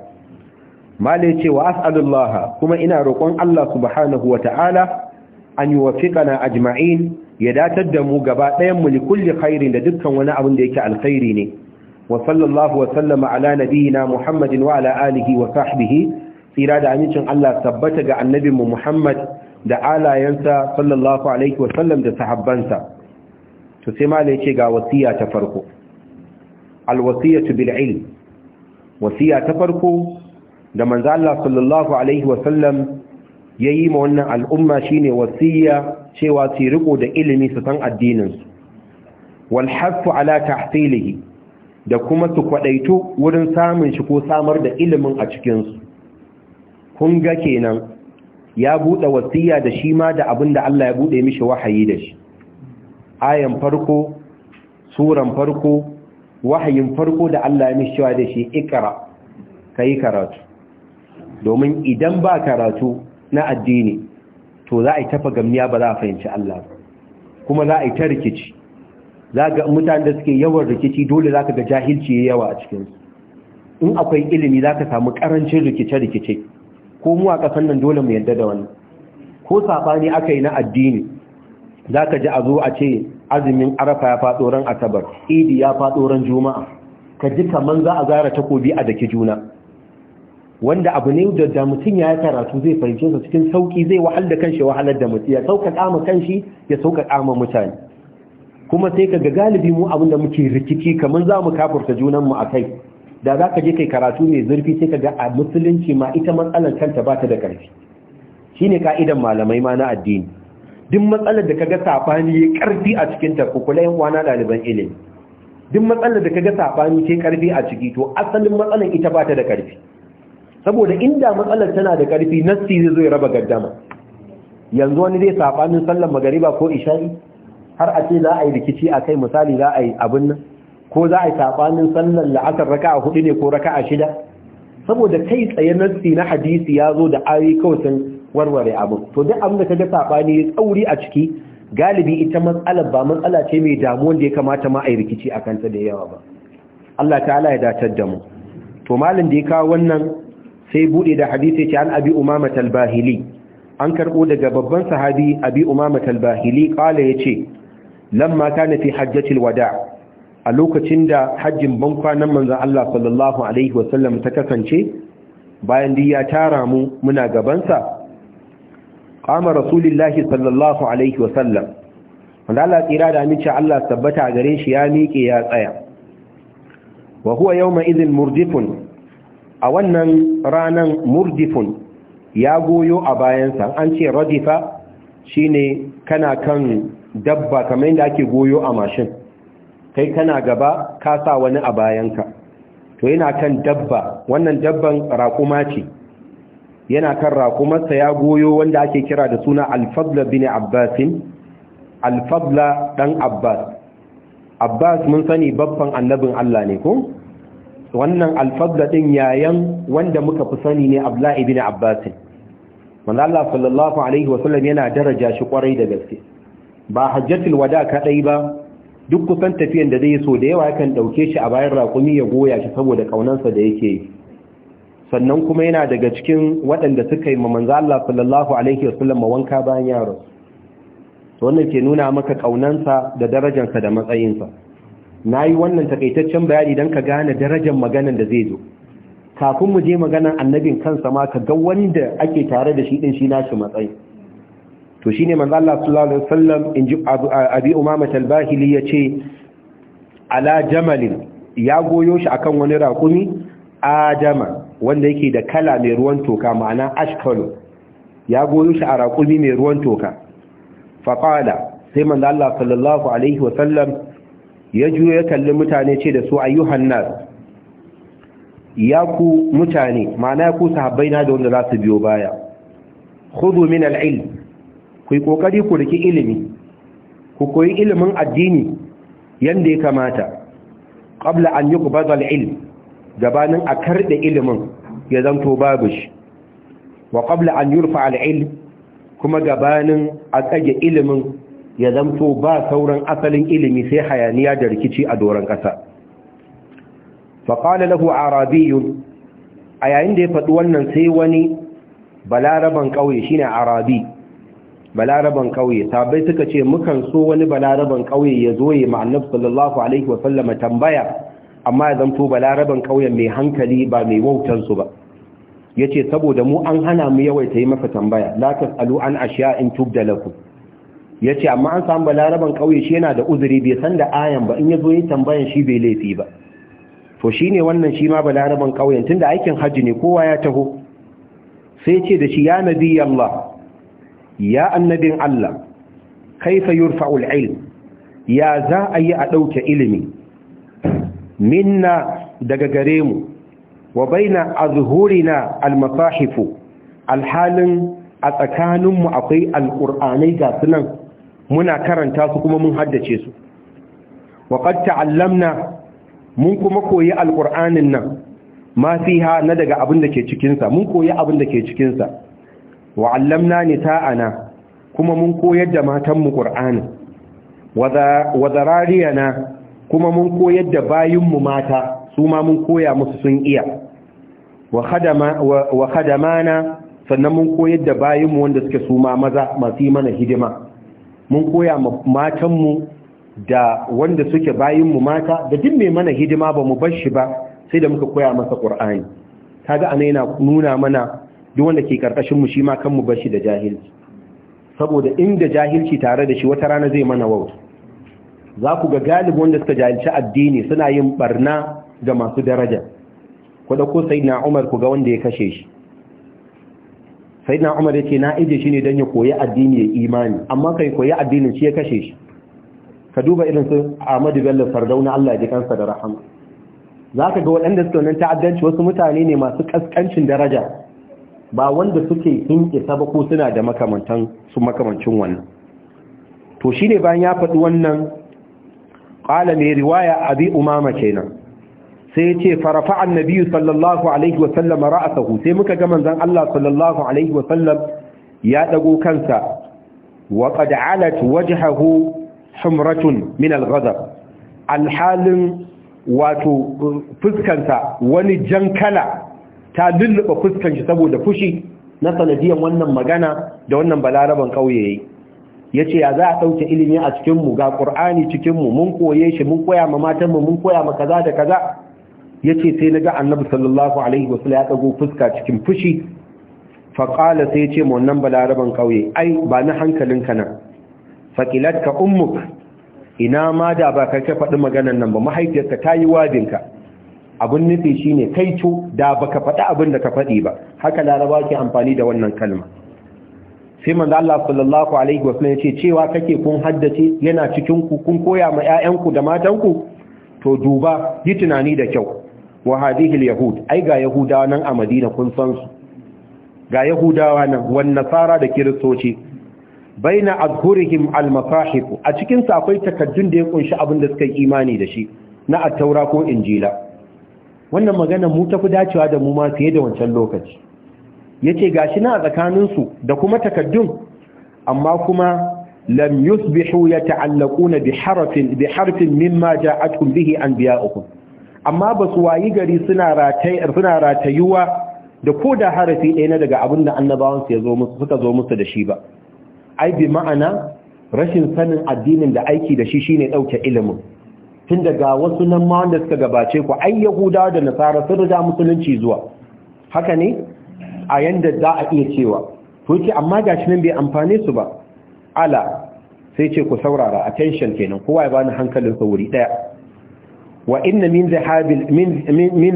mala yace wa as'alullaha kuma ina roƙon Allah subhanahu wataala an yuwaffiqana ajma'in ya datar da mu gaba ɗayan mu likulli khairin da dukkan wani abin da yake alkhairi ne wa sallallahu wa sallama ala nabiyyina muhammadin wa ala alihi wa sahbihi tsira da amincin Allah tabbata ga annabin mu muhammad da alayansa sallallahu alaihi wa sallam da sahabbansa to sai ma ce ga wasiya ta farko alwasiyatu bil ilm wasiya ta farko da manzo Allah sallallahu alaihi wa sallam ya yi ma wannan al'umma shi ne wasiya cewa su riko da ilimi su san addininsu wal hasu ala da kuma su kwaɗaitu wurin samun shi ko samar da ilimin a cikinsu kun ga kenan ya buɗe wasiya da shi ma da abin da Allah ya buɗe mishi wahayi da shi ayan farko suran farko wahayin farko da Allah ya mishi wa da shi ka yi karatu domin idan ba karatu na addini to za a yi tafa ba za a fahimci Allah ba kuma za a yi ta rikici za ga mutane da suke yawan rikici dole za ka ga jahilci ya yawa a cikinsu in akwai ilimi za ka samu karancin rikice-rikice ko mu a kasan nan dole mu yadda da wani, ko saɓani aka yi na addini za ka ji a zo a ce azumin arafa ya faɗo ran asabar idi ya faɗo ran juma'a ka ji kaman za a zara takobi a daki juna wanda abu ne da mutum ya karatu zai fahimce sa cikin sauki zai wahal da kanshi wahalar da mutum ya sauƙaƙa ma kanshi ya sauƙaƙa ma mutane kuma sai kaga galibi mu abin da muke rikici kamar za mu kafurta junan mu akai da za ka je kai karatu mai zurfi sai ga a musulunci ma ita matsalar kanta ba ta da ƙarfi shine ka'idan malamai ma na addini duk matsalar da kaga sabani ya ƙarfi a cikin ta kula yan wana ɗaliban ilimi duk matsalar da kaga sabani ke ƙarfi a ciki to asalin matsalar ita ba ta da ƙarfi saboda inda matsalar tana da ƙarfi nassi zai zo ya raba gaddama yanzu wani zai sabanin sallar magariba ko isha'i har a ce za a yi rikici a kai misali za a yi abin nan ko za a yi sabanin sallar la'asar raka'a hudu ne ko raka'a shida saboda kai tsaye nassi na hadisi ya zo da ayi kawai warware abin to duk abin da ga sabani ya tsauri a ciki galibi ita matsalar ba matsala ce mai damuwar da ya kamata ma a yi rikici a kanta da yawa ba Allah ta'ala ya datar da mu to malin da ya kawo wannan sai bude da hadisi ce an abi umama talbahili an karbo daga babban sahabi abi umama talbahili kala yace lamma kana fi hajjatil wada a lokacin da hajjin bankwanan manzon Allah sallallahu alaihi wasallam ta kasance bayan da ya tara mu muna gabansa qama rasulullahi sallallahu alaihi wasallam wanda Allah tsira da amince Allah tabbata gare shi ya miƙe ya tsaya wa huwa yawma idhin murdifun a wannan ranan murdifun ya goyo a bayansa an ce radifa shine kana kan dabba kamar yadda ake goyo a mashin kai kana gaba ka sa wani a bayanka to yana kan dabba wannan dabban raƙuma ce yana kan raƙumarsa ya goyo wanda ake kira da suna alfadla bin abbasin alfadla ɗan abbas abbas mun sani babban annabin allah ne ko wannan alfadda din yayan wanda muka fi sani ne abdullahi ibn abbas manzo Allah sallallahu alaihi sallam yana daraja shi kwarai da gaske ba hajjatul wada kadai ba duk kusan tafiyan da zai so da yawa yakan dauke shi a bayan raƙumi ya goya shi saboda kaunansa da yake yi sannan kuma yana daga cikin waɗanda suka yi manzo Allah sallallahu alaihi wasallam wanka bayan yaro to wannan ke nuna maka kaunansa da darajarsa da matsayinsa na yi wannan takaitaccen bayani don ka gane darajar maganan da zai zo kafin mu je maganan annabin kansa ma ka ga wanda ake tare da shi din shi nashi matsayi to shine manzo Allah sallallahu alaihi wasallam in ji abi umama talbahili yace ala jamalin ya goyo shi akan wani rakumi adama wanda yake da kala mai ruwan toka ma'ana ashkalu ya goyo shi a rakumi mai ruwan toka faqala sai manzo Allah sallallahu alaihi wasallam ya juyo ya kalli mutane ce da su ayyuhan nas ya ku mutane ma'ana ku sahabbai na da wanda za su biyo baya khudhu min al-ilm ku kokari ku riki ilimi ku koyi ilimin addini yanda ya kamata qabla an yuqbada al-ilm gabanin a karɗe ilimin ya zanto babu shi wa qabla an yurfa al-ilm kuma gabanin a tsage ilimin ya zamto ba sauran asalin ilimi sai hayaniya da rikici a doron ƙasa faƙala lahu arabiyun a yayin da ya faɗi wannan sai wani balaraban ƙauye shine arabi balaraban ƙauye sabai suka ce mukan so wani balaraban ƙauye ya zo ya ma'anar sallallahu alaihi wa sallama tambaya amma ya zamto balaraban ƙauyen mai hankali ba mai wautansu ba yace saboda mu an hana mu yawaita yi masa tambaya la tasalu an ashiya in tubda lakum ya ce amma an samu balaraban ƙauye shi yana da uzuri bai san da ayan ba in ya zo yi tambayan shi bai laifi ba to shi ne wannan shi ma balaraban ƙauyen tun da aikin hajji ne kowa ya taho sai ce da shi ya nabi Allah ya annabin Allah kaifa yurfa'ul ilm ya za a yi a ɗauke ilimi minna daga gare mu wa baina azhurina almasahifu alhalin a tsakaninmu akwai Alkur'anai ga sunan muna karanta su kuma mun haddace su wa qad ta'allamna mun kuma koyi alqur'anin nan ma fiha na daga abin da ke cikin sa mun koyi abin da ke cikin sa wa 'allamna nita'ana kuma mun koyar da matan mu qur'ani wa zarariyana kuma mun koyar da bayin mu mata su ma mun koya musu sun iya wa khadama wa khadamana sannan mun koyar da bayin mu wanda suke su ma maza masu yi mana hidima mun koya matanmu da wanda suke bayinmu mata da duk mai mana hidima ba mu bar shi ba sai da muka koya masa ƙur'ani kaga ana yana nuna mana duk wanda ke karkashin mu shi ma kanmu bar shi da jahilci saboda inda jahilci tare da shi wata rana zai mana wauta za ku ga galibi wanda suka jahilci addini suna yin barna ga masu daraja ku sai sayyidina Umar ku ga wanda ya kashe shi sai na umar yake na ije shi ne don ya koyi addini ya imani amma kai koyi addinin shi ya kashe shi ka duba irin su ahmadu bello sardauna allah ji kansa da rahama za ka ga waɗanda suke wannan ta'addanci wasu mutane ne masu kaskancin daraja ba wanda suke sun isa ba ko suna da makamantan su makamancin wannan to ne bayan ya faɗi wannan qala mai riwaya abi umama kenan sai ce farafa annabi sallallahu alaihi wa sallam ra'asahu sai muka ga manzon Allah sallallahu alaihi wa sallam ya dago kansa wa qad alat wajhahu humratun min al-ghadab alhalin wato fuskarsa wani jankala ta lulluɓa fuskan shi saboda fushi na sanadiyan wannan magana da wannan balaraban kauye yayi yace ya za a dauke ilimi a cikin mu ga qur'ani cikin mu mun koye shi mun koya ma matan mu mun koya ma kaza da kaza Ya ce sai na ga annabi sallallahu alaihi ya dago fuska cikin fushi Faƙala sai ce mu wannan balaraban kauye ai ba na hankalinka nan ka ummuk ina ma da ba ka ka faɗi maganan nan ba mahaifiyarka ta yi wajinka abun nufi ne kai co da baka faɗi abin da ka faɗi ba haka laraba ke amfani da wannan kalma sai manzo Allah sallallahu alaihi wasallam ce cewa kake kun haddace yana cikin ku kun koya ma ƴaƴanku da matanku to duba yi tunani da kyau wa hadhihi al-yahud ai ga yahudawa nan a madina kun san su ga yahudawa nan wan nasara da kiristoci baina azhurihim al a cikin sa akwai takaddun da ya kunshi abin da suka yi imani da shi na at-taura ko injila wannan magana mu tafi dacewa da mu ma fiye da wancan lokaci yace gashi na tsakanin su da kuma takaddun amma kuma lam yusbihu yata'allaquna bi harfin bi harfin mimma ja'atkum bihi anbiya'ukum amma ba su wayi gari suna ratayuwa da ko da harafi ɗaya na daga abin da annabawansu suka zo musu da shi ba ai bi ma'ana rashin sanin addinin da aiki da shi shi ne ɗauke ilimin tun daga wasu nan ma wanda suka gabace ku ai yahudawa da nasara sun riga musulunci zuwa haka ne a yanda za a iya cewa to ce amma gashi nan bai amfane su ba Allah sai ce ku saurara attention kenan kowa ya bani hankalin sa wuri ɗaya. wa inna min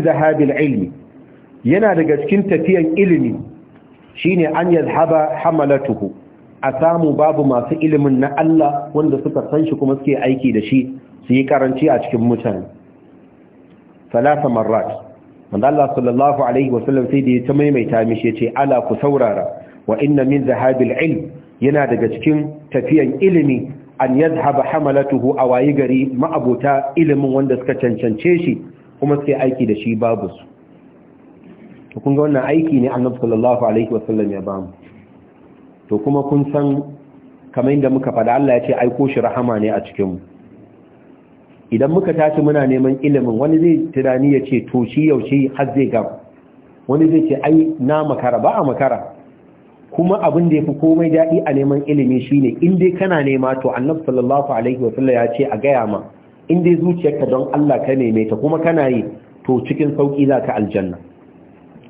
zahabil ilmi yana daga cikin tafiyan ilimi shine an yazhaba hamalatuhu a samu babu masu ilimin na Allah wanda suka san shi kuma suke aiki da shi su yi karanci a cikin mutane salasa marrat wanda Allah sallallahu alaihi wasallam sai da ya ta maimaita mishi yace ala ku saurara wa inna min zahabil ilm yana daga cikin tafiyan ilimi an yadhhaba hamalatuhu a wayi gari ma'abota ilimin wanda suka cancance shi kuma suke aiki da shi babu su To kun ga wannan aiki ne annabi sallallahu alaihi wasallam ya bamu to kuma kun san kamar yadda muka faɗa Allah ya ce aiko shi rahama ne a cikin mu idan muka tashi muna neman ilimin wani zai tunani ya ce to shi yaushe har zai gama? wani zai ce ai na makara ba a makara kuma abin da ya fi komai daɗi a neman ilimi shine in dai kana nema to annabi sallallahu alaihi wa sallam ya ce a gaya ma in dai zuciyarka don Allah ka neme ta kuma kana yi to cikin sauki za ka aljanna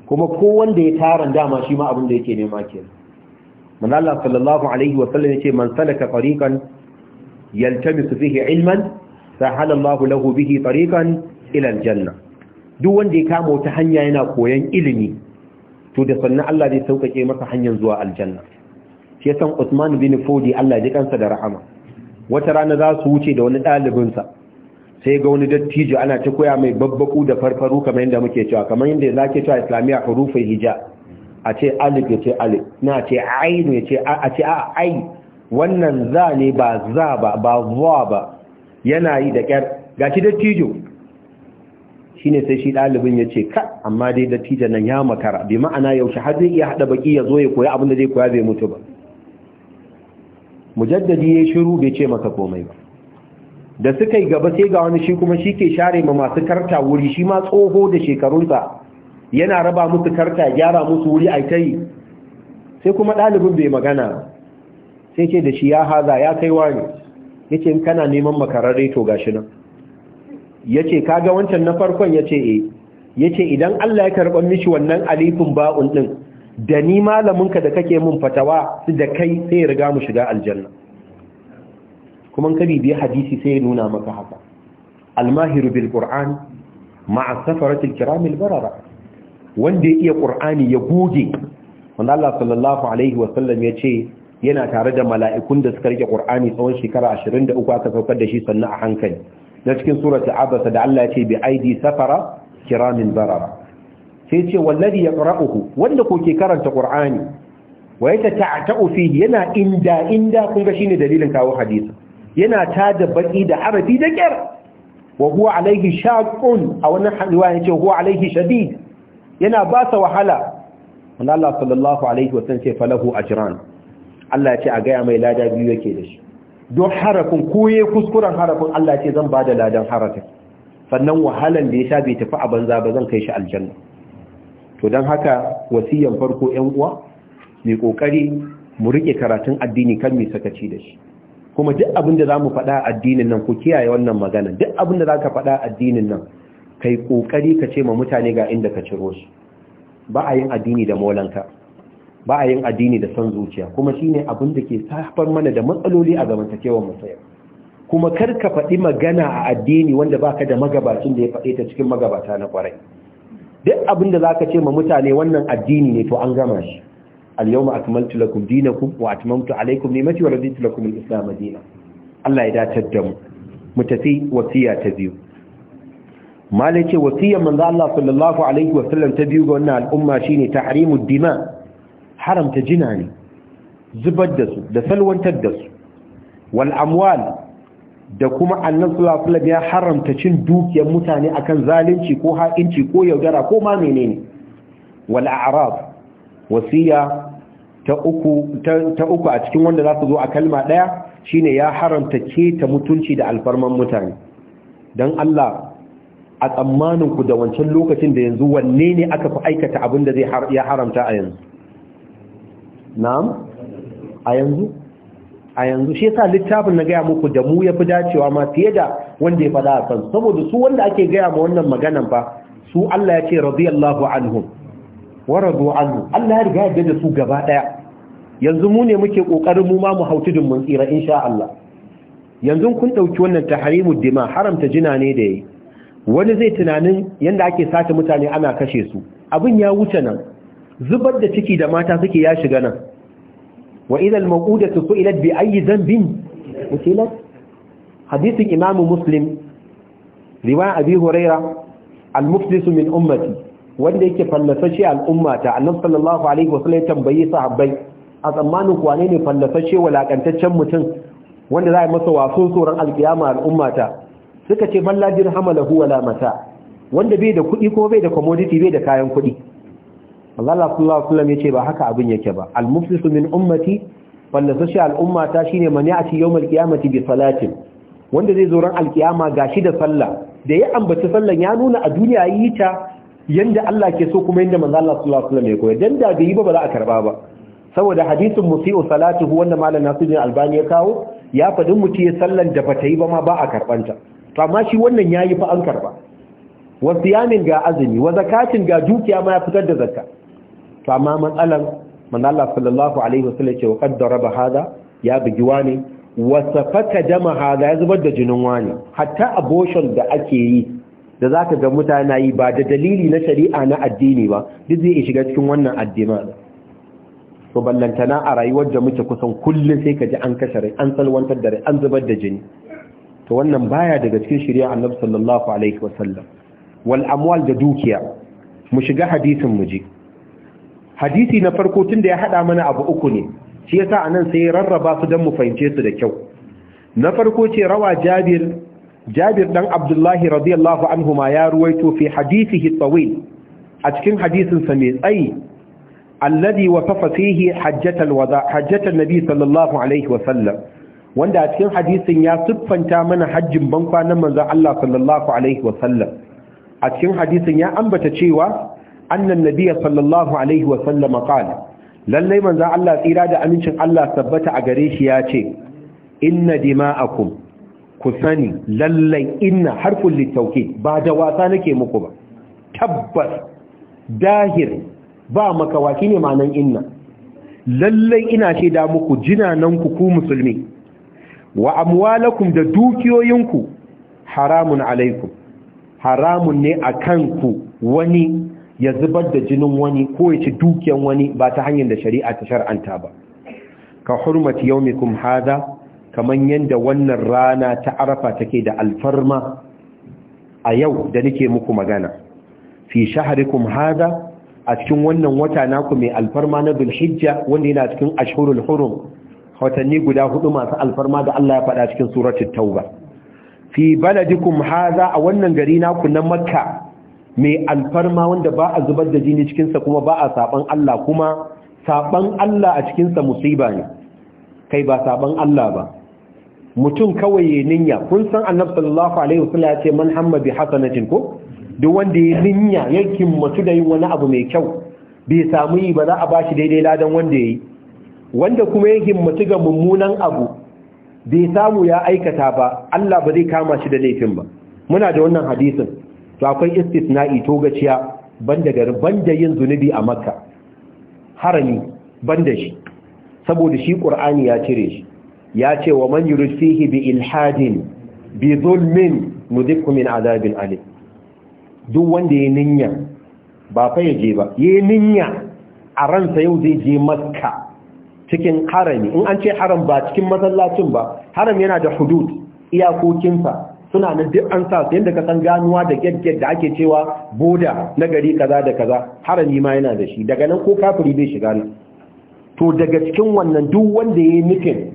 kuma ko wanda ya tara dama shi ma abin da yake nema ke man Allah sallallahu alaihi wa sallam ya ce man salaka tariqan yaltamisu fihi ilman sahala Allah lahu bihi tariqan ila aljanna duk wanda ya kama wata hanya yana koyan ilimi to da sannan Allah zai sauƙaƙe masa hanyar zuwa aljanna shi san Usman bin Fodi Allah ji kansa da rahama wata rana za su wuce da wani ɗalibin sa sai ga wani dattijo ana ta koya mai babbaku da farfaru kamar yadda muke cewa kamar yadda zake cewa islamiya hurufin hija a ce alif ya ce alif na ce ainu ya ce a ce a ai wannan za ne ba za ba ba zuwa ba yana yi da ƙyar gashi dattijo shine sai shi ɗalibin ya ce ka amma dai tijan nan ya makara bi ma'ana yaushe har zai iya haɗa baki ya zo ya koya abin da zai koya bai mutu ba mujaddadi ya shiru bai ce masa komai ba da suka yi gaba sai ga wani shi kuma shi ke share ma masu karta wuri shi ma tsoho da shekarunsa yana raba musu karta gyara musu wuri a ta sai kuma ɗalibin bai magana sai ce da shi ya haza ya kai wani ya ce kana neman makararre to gashi nan yace kaga wancan na farkon yace eh yace idan Allah ya karɓar mishi wannan alifin ba'un ɗin, da ni malaminka da kake mun fatawa da kai sai ya riga mu shiga aljanna kuma ka bibiye hadisi sai ya nuna maka haka almahiru bil qur'an ma'a safaratil kiramil barara wanda ya iya qur'ani ya goge wanda Allah sallallahu alaihi wa sallam ya ce yana tare da mala'ikun da suka rike qur'ani tsawon shekara 23 aka saukar da shi sannan a hankali na cikin surata abasa da Allah ya ce bi aidi safara kiramin barara sai ce wallazi yaqra'uhu wanda ko karanta qur'ani wa yata ta'ta'u fihi yana inda inda kun ga shine dalilin kawo hadisi yana tada baki da harafi da kyar wa huwa alaihi shaqqun a wannan halwa yace huwa alaihi shadid yana ba sa wahala wanda Allah sallallahu alaihi wasallam ce falahu ajran Allah ya ce a ga mai lada biyu yake da shi don harafin koye kuskuren harafin Allah ce zan ba da ladan harafin sannan wahalan da ya sha bai tafi a banza ba zan kai shi aljanna to don haka wasiyan farko yan uwa mai kokari mu rike karatun addini kan mai sakaci da shi kuma duk abin da zamu faɗa addinin nan ku kiyaye wannan magana duk abin da za ka faɗa addinin nan kai kokari ka ce ma mutane ga inda ka ciro shi ba a yin addini da molanka ba a yin addini da son zuciya kuma shine abin da ke safar mana da matsaloli a zamantakewar musayar kuma kar ka faɗi magana a addini wanda baka da magabacin da ya faɗe ta cikin magabata na kwarai duk abin da zaka ce ma mutane wannan addini ne to an gama shi al-yawma akmaltu lakum dinakum wa atmamtu alaykum ni'mati wa raditu lakum al-islam dinan Allah ya datar da mu mu tafi wasiya ta biyu malai wasiyar manzo Allah sallallahu alaihi wa sallam ta biyu ga wannan al'umma shine tahrimud dima haramta jina ne zubar da su da salwantar da su wal amwal da kuma annan sulasulam ya haramta cin dukiyar mutane akan zalunci ko haƙinci ko yaudara ko ma menene wal a'rab wasiya ta uku a cikin wanda za su zo a kalma ɗaya shine ya haramta keta mutunci da alfarman mutane don Allah a tsammanin ku da wancan lokacin da yanzu wanne ne aka fi aikata abin da zai ya haramta a yanzu na'am a yanzu a yanzu shi yasa littafin na gaya muku da mu ya fi dacewa ma fiye da wanda ya faɗa a kan saboda su wanda ake gaya ma wannan maganan fa su Allah ya ce radiyallahu anhum wa radu anhu Allah ya riga ya da su gaba daya yanzu mu ne muke kokarin mu ma mu din mun tsira insha Allah yanzu kun dauki wannan tahrimu dima haramta jina ne da yayi wani zai tunanin yanda ake sace mutane ana kashe su abin ya wuce nan zubar da ciki da mata suke ya shiga nan wa idal maqudatu su'ilat bi ayyi dhanbin qutilat Hadisin imamu muslim riwaya abi huraira al-muflis min ummati wanda yake fallasashe al'ummata annabi sallallahu alaihi wasallam ya tambaye sahabbai a tsammanin wane ne fallasashe walakantaccen mutum wanda za a yi masa waso tsoron alkiyama al'ummata suka ce man la dirhama lahu wala mata wanda bai da kuɗi ko bai da commodity bai da kayan kuɗi Allah sallallahu alaihi yace ba haka abin yake ba al-muflisu min ummati wanda sashi al'umma ta shine mani a ci yawmal qiyamati bi salatin wanda zai zo ran alkiyama gashi da sallah da ya ambaci sallan ya nuna a duniya yi ta yanda Allah ke so kuma yanda manzo Allah sallallahu alaihi ya koyar dan da bai ba ba za a karba ba saboda hadisin musii'u salatuhu wanda malam Nasiruddin Albani ya kawo ya faɗi mutu ya sallan da bata yi ba ma ba a karbanta to amma shi wannan yayi fa an karba wa siyamin ga azumi wa zakatin ga dukiya ma ya fitar da zakka to amma matsalan manzo sallallahu alaihi wasallam ce wa ba hada ya bugi wani dama hada ya zubar da jinin wani hatta abortion da ake yi da zaka ga mutane yi ba da dalili na shari'a na addini ba duk zai shiga cikin wannan addini to ballantana a rayuwar da muke kusan kullum sai ka ji an kashe rai an salwantar da rai an zubar da jini to wannan baya daga cikin shari'a annabi sallallahu alaihi wasallam wal amwal da dukiya mu shiga hadisin mu ji hadisi na farko tun da ya haɗa mana abu uku ne shi yasa anan sai ya rarraba su don mu fahimce su da kyau na farko ce rawa jabir jabir dan abdullahi radiyallahu anhu ma ya ruwaito fi hadisihi tawil a cikin hadisin sa mai tsayi alladhi wasafa fihi hajjata alwada nabi sallallahu alaihi wa sallam wanda a cikin hadisin ya siffanta mana hajjin bankwa na manzon Allah sallallahu alaihi wa sallam a cikin hadisin ya ambata cewa annan nabiyya sallallahu alaihi wa sallam lallai manza Allah tsira da amincin Allah tabbata a gare shi ya ce inna dima'akum ku sani lallai inna harful litawkid ba da wasa nake muku ba tabbas dahir ba makawaki ne ma'anan inna lallai ina shaida muku jina ku ku musulmi wa amwalakum da dukiyoyinku haramun alaikum haramun ne kan ku wani ya zubar da jinin wani ko ya ci dukiyan wani ba ta hanyar da shari'a ta shar'anta ba ka hurmati yaumikum hadha kaman yanda wannan rana ta arafa take da alfarma a yau da nake muku magana fi shahrikum hadha a cikin wannan wata naku mai alfarma na Zulhijja wanda yana cikin ashhurul hurum watanni guda hudu masu alfarma da Allah ya faɗa cikin suratul tauba fi baladikum hadha a wannan gari naku na makka mai alfarma wanda ba a zubar da jini cikinsa kuma ba a saban Allah kuma saban Allah a cikinsa musiba ne kai ba saban Allah ba mutum kawai ya ninya kun san annabi sallallahu alaihi wasallam ya ce man hamma bi hasanatin ko duk wanda ya ninya ya kimmatu da yin wani abu mai kyau bai samu yi ba za a bashi daidai ladan wanda yayi wanda kuma ya himmatu ga mummunan abu bai samu ya aikata ba Allah ba zai kama shi da laifin ba muna da wannan hadisin to akwai istisna'i gaciya banda gari banda yin zunubi a makka harami banda shi saboda shi ƙur'ani ya cire shi ya ce wa man yurid fihi bi ilhadin bi zulmin nudhiqhu min adabin alim duk wanda ya ninya ba fa ya je ba ya ninya a ransa yau zai je makka cikin harami in an ce haram ba cikin masallacin ba haram yana da hudud iyakokinsa suna nan duk an sa yadda ka san ganuwa da gyaggyar da ake cewa boda na gari kaza da kaza harami ma yana da shi daga nan ko kafiri bai shiga ne to daga cikin wannan duk wanda ya yi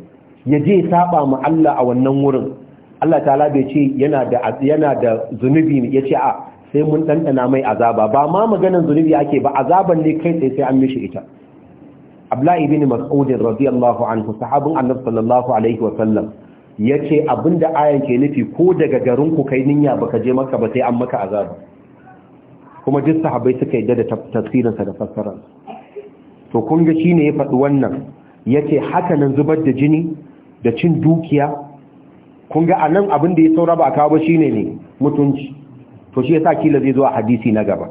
ya je saba ma Allah a wannan wurin Allah ta'ala bai ce yana da yana da zunubi ne yace a sai mun dandana mai azaba ba ma maganar zunubi ake ba azaban ne kai tsaye sai an mishi ita Abdullahi ibn Mas'ud radiyallahu anhu sahabin Annabi sallallahu alaihi wa ya ce abinda ayan ke nufi ko daga garin ku kai ninya baka je maka ba sai an maka azabu. kuma duk sahabbai suka yadda da tafsirinsa da fassara to kun ga shine ya faɗi wannan yace haka nan zubar da jini da cin dukiya kun ga anan abin da ya saura ba kawo shine ne mutunci to shi yasa kila zai zo hadisi na gaba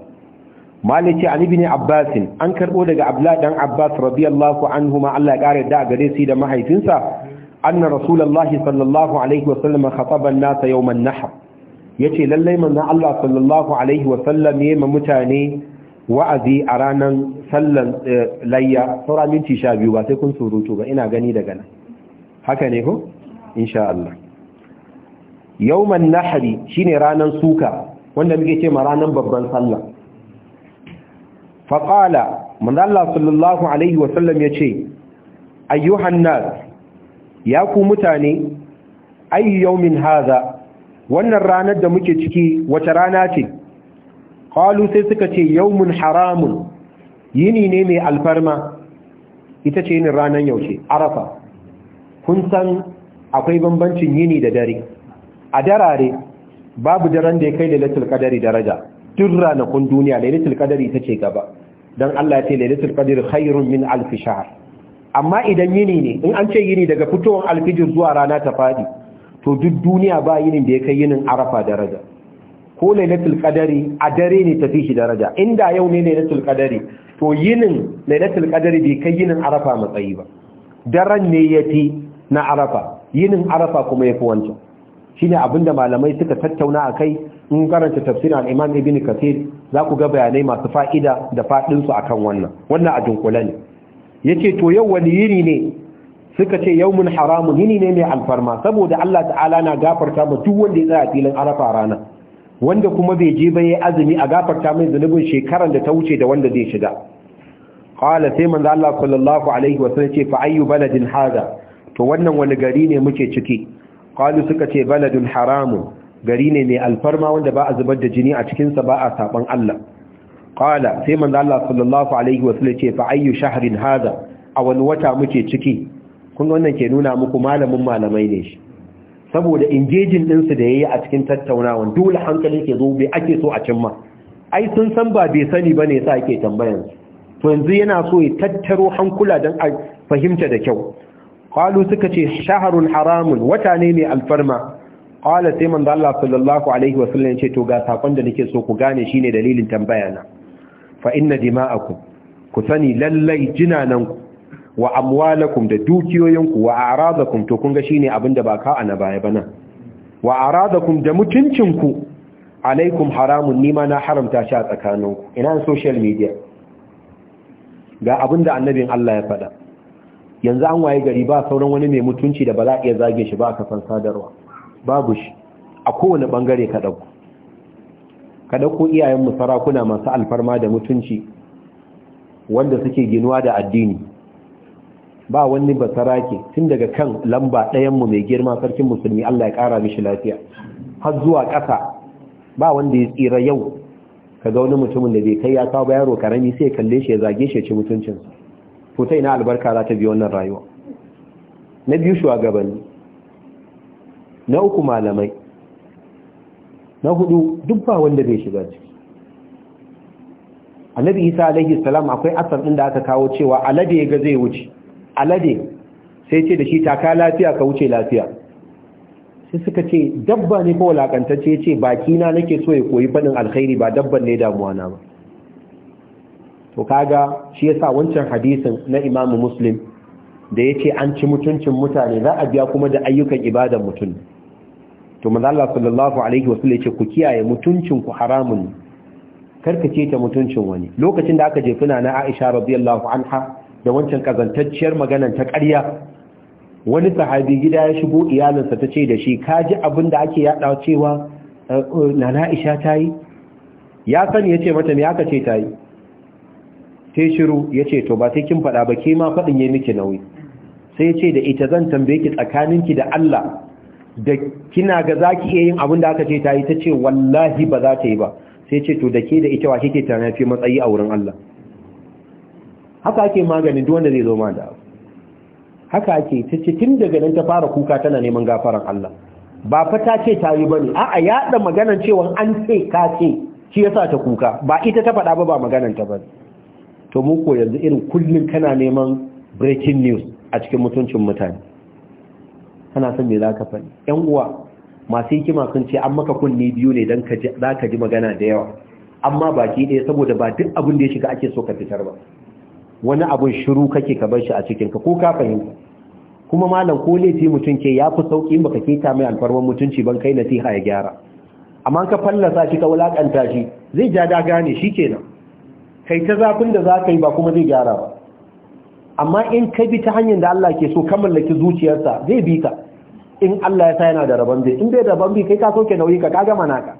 Maliki ce an ibn abbas an karbo daga abla dan abbas radiyallahu ma Allah ya kare da gare shi da mahaifinsa anna rasulullahi sallallahu alaihi wa khataba an-nasa yawman nahr yace lallai manzon Allah sallallahu alaihi wa sallam yayi ma mutane wa'azi a ranan sallan layya saura minti 12 ba sai kun surutu ba ina gani daga nan haka ne ko insha Allah yawman nahri shine ranan suka wanda muke ce ma ranan babban sallah faqala manzo Allah sallallahu alaihi wasallam yace ayyuhan nas ya ku mutane ayi yaumin haza wannan ranar da muke ciki wata rana ce qalu sai suka ce yaumun haramun yini ne mai alfarma ita ce yinin ranar yaushe arafa kun san akwai bambancin yini da dare a darare babu daren da ya kai lailatul qadari daraja duk ranakun duniya lailatul qadari ita ce gaba dan Allah ya ce lailatul qadri khairun min alf shahr amma idan yini ne in an ce yini daga fitowar alfijir zuwa rana ta fadi to duk duniya ba yinin da ya kai yinin arafa daraja ko lailatul qadari a dare ne ta shi daraja inda yau ne lailatul qadari to yinin lailatul qadari bai kai yinin arafa matsayi ba daren ne yafi na arafa yinin arafa kuma yafi wancan shine abinda malamai suka tattauna akai in karanta tafsirin al-Imam Ibn Kathir za ku ga bayanai masu fa'ida da fadin su akan wannan wannan a dunkule ne yace to yau wani yini ne suka ce mun haramun yini ne mai alfarma saboda Allah ta'ala na gafarta ma duk wanda ya tsaya filin arafa rana wanda kuma bai je ba yi azumi a gafarta mai zunubin shekaran da ta wuce da wanda zai shiga qala sai manzo Allah sallallahu alaihi ce fa ayyu baladin hada to wannan wani gari ne muke ciki qalu suka ce baladun haramun gari ne mai alfarma wanda ba a zubar da jini a cikinsa ba a saban Allah qala sai manzo Allah sallallahu alaihi wasallam ce fa ayyu shahrin hada a wani wata muke ciki kun wannan ke nuna muku malamin malamai ne shi saboda injejin ɗinsu da ya yi a cikin tattaunawa dole hankali ke zo bai ake so a cimma ai sun san ba bai sani ba ne sa ake tambayansu to yanzu yana so ya tattaro hankula don a fahimta da kyau Kwalu suka ce shaharun haramun wata ne mai alfarma Kwala sai manzo Allah sallallahu alaihi wasallam ce to ga sakon da nake so ku gane shine dalilin tambayana fa inna dima'akum ku sani lallai jinananku wa amwalakum da dukiyoyinku wa aradakum to kun ga shine abin da ba ka ana baya bana wa aradakum da mutuncinku alaikum haramun nima na haramta shi a tsakaninku ina social media ga abin da annabin Allah ya faɗa yanzu an waye gari ba sauran wani mai mutunci da ba za a iya zage shi ba a kafan sadarwa babu shi a kowane bangare ka ɗauku ka dauko iyayenmu sarakuna masu alfarma da mutunci wanda suke ginuwa da addini ba wani basarake tun daga kan lamba ɗayan ɗayanmu mai girma sarkin musulmi Allah ya ƙara mishi lafiya har zuwa ƙasa ba wanda ya tsira yau ka ga wani mutumin da bai kai ya kawo yaro karami sai ya kalle shi ya zage shi ya ci mutuncinsa to ta ina albarka za ta bi wannan rayuwa na biyu shugabanni na uku malamai na hudu duk ba wanda bai shiga ciki annabi isa alaihi salam akwai asar ɗin da aka kawo cewa alade ya ga zai wuce alade sai ce da shi taka lafiya ka wuce lafiya sai suka ce dabba ne ko lakantacce ya ce baki na nake so ya koyi faɗin alkhairi ba dabban ne damuwa na ba to kaga shi yasa wancan hadisin na imamu muslim da ya ce an ci mutuncin mutane za a biya kuma da ayyukan ibadan mutum to manzo Allah sallallahu alaihi wasallam yace ku kiyaye mutuncin ku haramun karkace ta mutuncin wani lokacin da aka jefuna na Aisha radiyallahu anha da wancan kazantacciyar maganar ta ƙarya wani sahabi gida ya shigo iyalinsa ta ce da shi ka ji abin da ake yada cewa eh, eh, na Aisha ta yi ya sani ya ce mata me aka ce ta yi sai shiru ce to ba sai kin faɗa ba ke ma faɗin yayi miki nauyi sai ya ce da ita zan tambaye ki tsakaninki da Allah da kina ga zaki iya yin abin da aka ce ta yi ta ce wallahi ba za ta yi ba sai ce to da ke da ita wa ke tana fi matsayi a wurin Allah haka ake maganin duk zai zo ma da abu haka ake ta ce tun daga nan ta fara kuka tana neman gafaran Allah ba fa ta ce ta yi bane a'a ya da maganan cewa an ce ka ce shi yasa ta kuka ba ita ta faɗa ba ba maganan ta ba to mu ko yanzu irin kullum kana neman breaking news a cikin mutuncin mutane kana son me zaka faɗi yan uwa masu hikima sun ce an maka kunni biyu ne dan za ka ji magana da yawa amma baki ɗaya saboda ba duk abin da ya shiga ake so ka fitar ba wani abun shiru kake ka bar shi a cikinka ko ka fahimta kuma malam ko laifi mutum ke ya fi sauƙi baka keta mai alfarman mutunci ban kai nasiha ya gyara amma ka fallasa shi ka wulakanta shi zai ja da gane shi kenan kai ta zafin da za ka yi ba kuma zai gyara ba amma in ka bi ta hanyar da Allah ke so ka mallaki zuciyarsa zai bi ka in Allah ya sa yana da rabon bi in bai da rabon bi kai ka soke nauyi ka kaga mana ka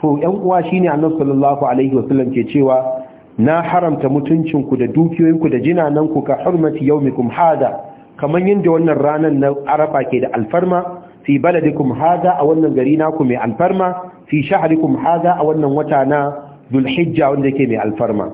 to ƴan uwa shine Annabi sallallahu alaihi wasallam ke cewa na haramta mutuncin ku da dukiyoyin ku da jinanan ku ka hurmati yaumikum hada kaman yanda wannan ranar na Arafa ke da alfarma fi baladikum hada a wannan gari naku mai alfarma fi shahrikum hada a wannan wata na Dhulhijja wanda yake mai alfarma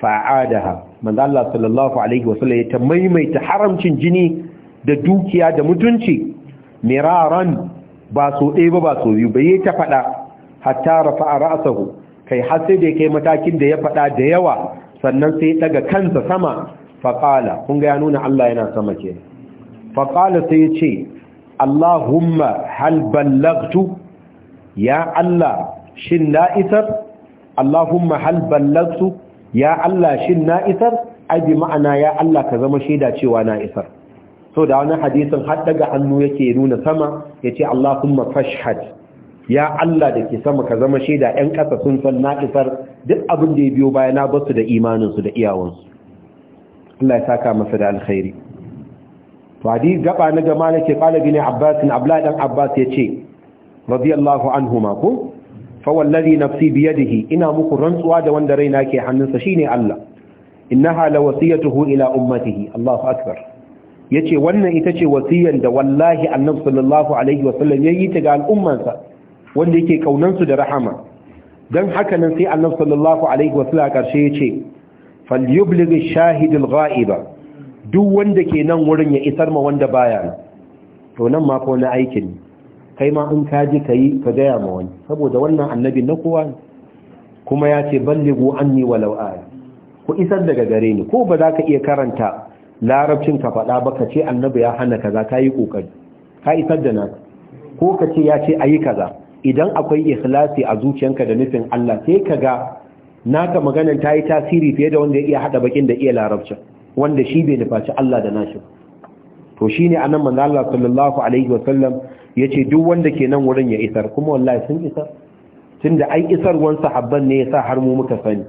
fa'adaha manzo Allah sallallahu alaihi wasallam ya ta maimaita haramcin jini da dukiya da mutunci miraran ba so ɗaya ba ba so biyu ba yayi ta fada hatta rafa'a ra'sahu kai har sai da kai matakin da ya fada da yawa sannan sai daga kansa sama faqala kun ga ya nuna Allah yana sama ke faqala sai ya ce Allahumma hal ballagtu ya Allah shin na isar Allahumma hal ballagtu ya Allah shin na isar ai ma'ana ya Allah ka zama shaida cewa na isar so da wani hadisin har daga hannu yake nuna sama yace Allahumma fashhad ya Allah da ke sama ka zama shaida ƴan ƙasa sun san na isar duk abin da ya biyo baya na basu da imanin su da iyawansu Allah ya saka masa da alkhairi to hadisi gaba na gaba nake qala bin Abbas Abdullah dan Abbas yace radiyallahu anhuma ko fa wallazi nafsi biyadihi ina muku rantsuwa da wanda raina ke hannunsa shine Allah innaha la wasiyatuhu ila ummatihi Allahu akbar yace wannan ita ce wasiyan da wallahi annabi sallallahu alaihi wasallam yayi ta ga al'ummansa wanda yake kaunansu da rahama dan haka nan sai annabi sallallahu alaihi wasallam karshe yace falyubligh ash-shahid al-ghaiba duk wanda ke nan wurin ya isar ma wanda baya to nan ma ko na aikin kai ma in ka ji kai ka gaya ma wani saboda wannan annabi na kowa kuma ya ce ballighu anni walau aya ku isar daga gare ni ko ba za ka iya karanta larabcin ka faɗa ba ka ce annabi ya hana kaza ka yi kokari ka isar da naka ko ka ce ya ce ayi kaza idan akwai ikhlasi a zuciyanka da nufin Allah sai ka ga naka maganan ta yi tasiri fiye da wanda ya iya hada bakin da iya larabcin wanda shi bai nufaci Allah da nashi to shine anan manzo Allah sallallahu alaihi wa sallam. ya ce duk wanda ke nan wurin ya isar kuma wallahi sun isar tun da ai isarwan sahabban ne ya sa har mu muka sani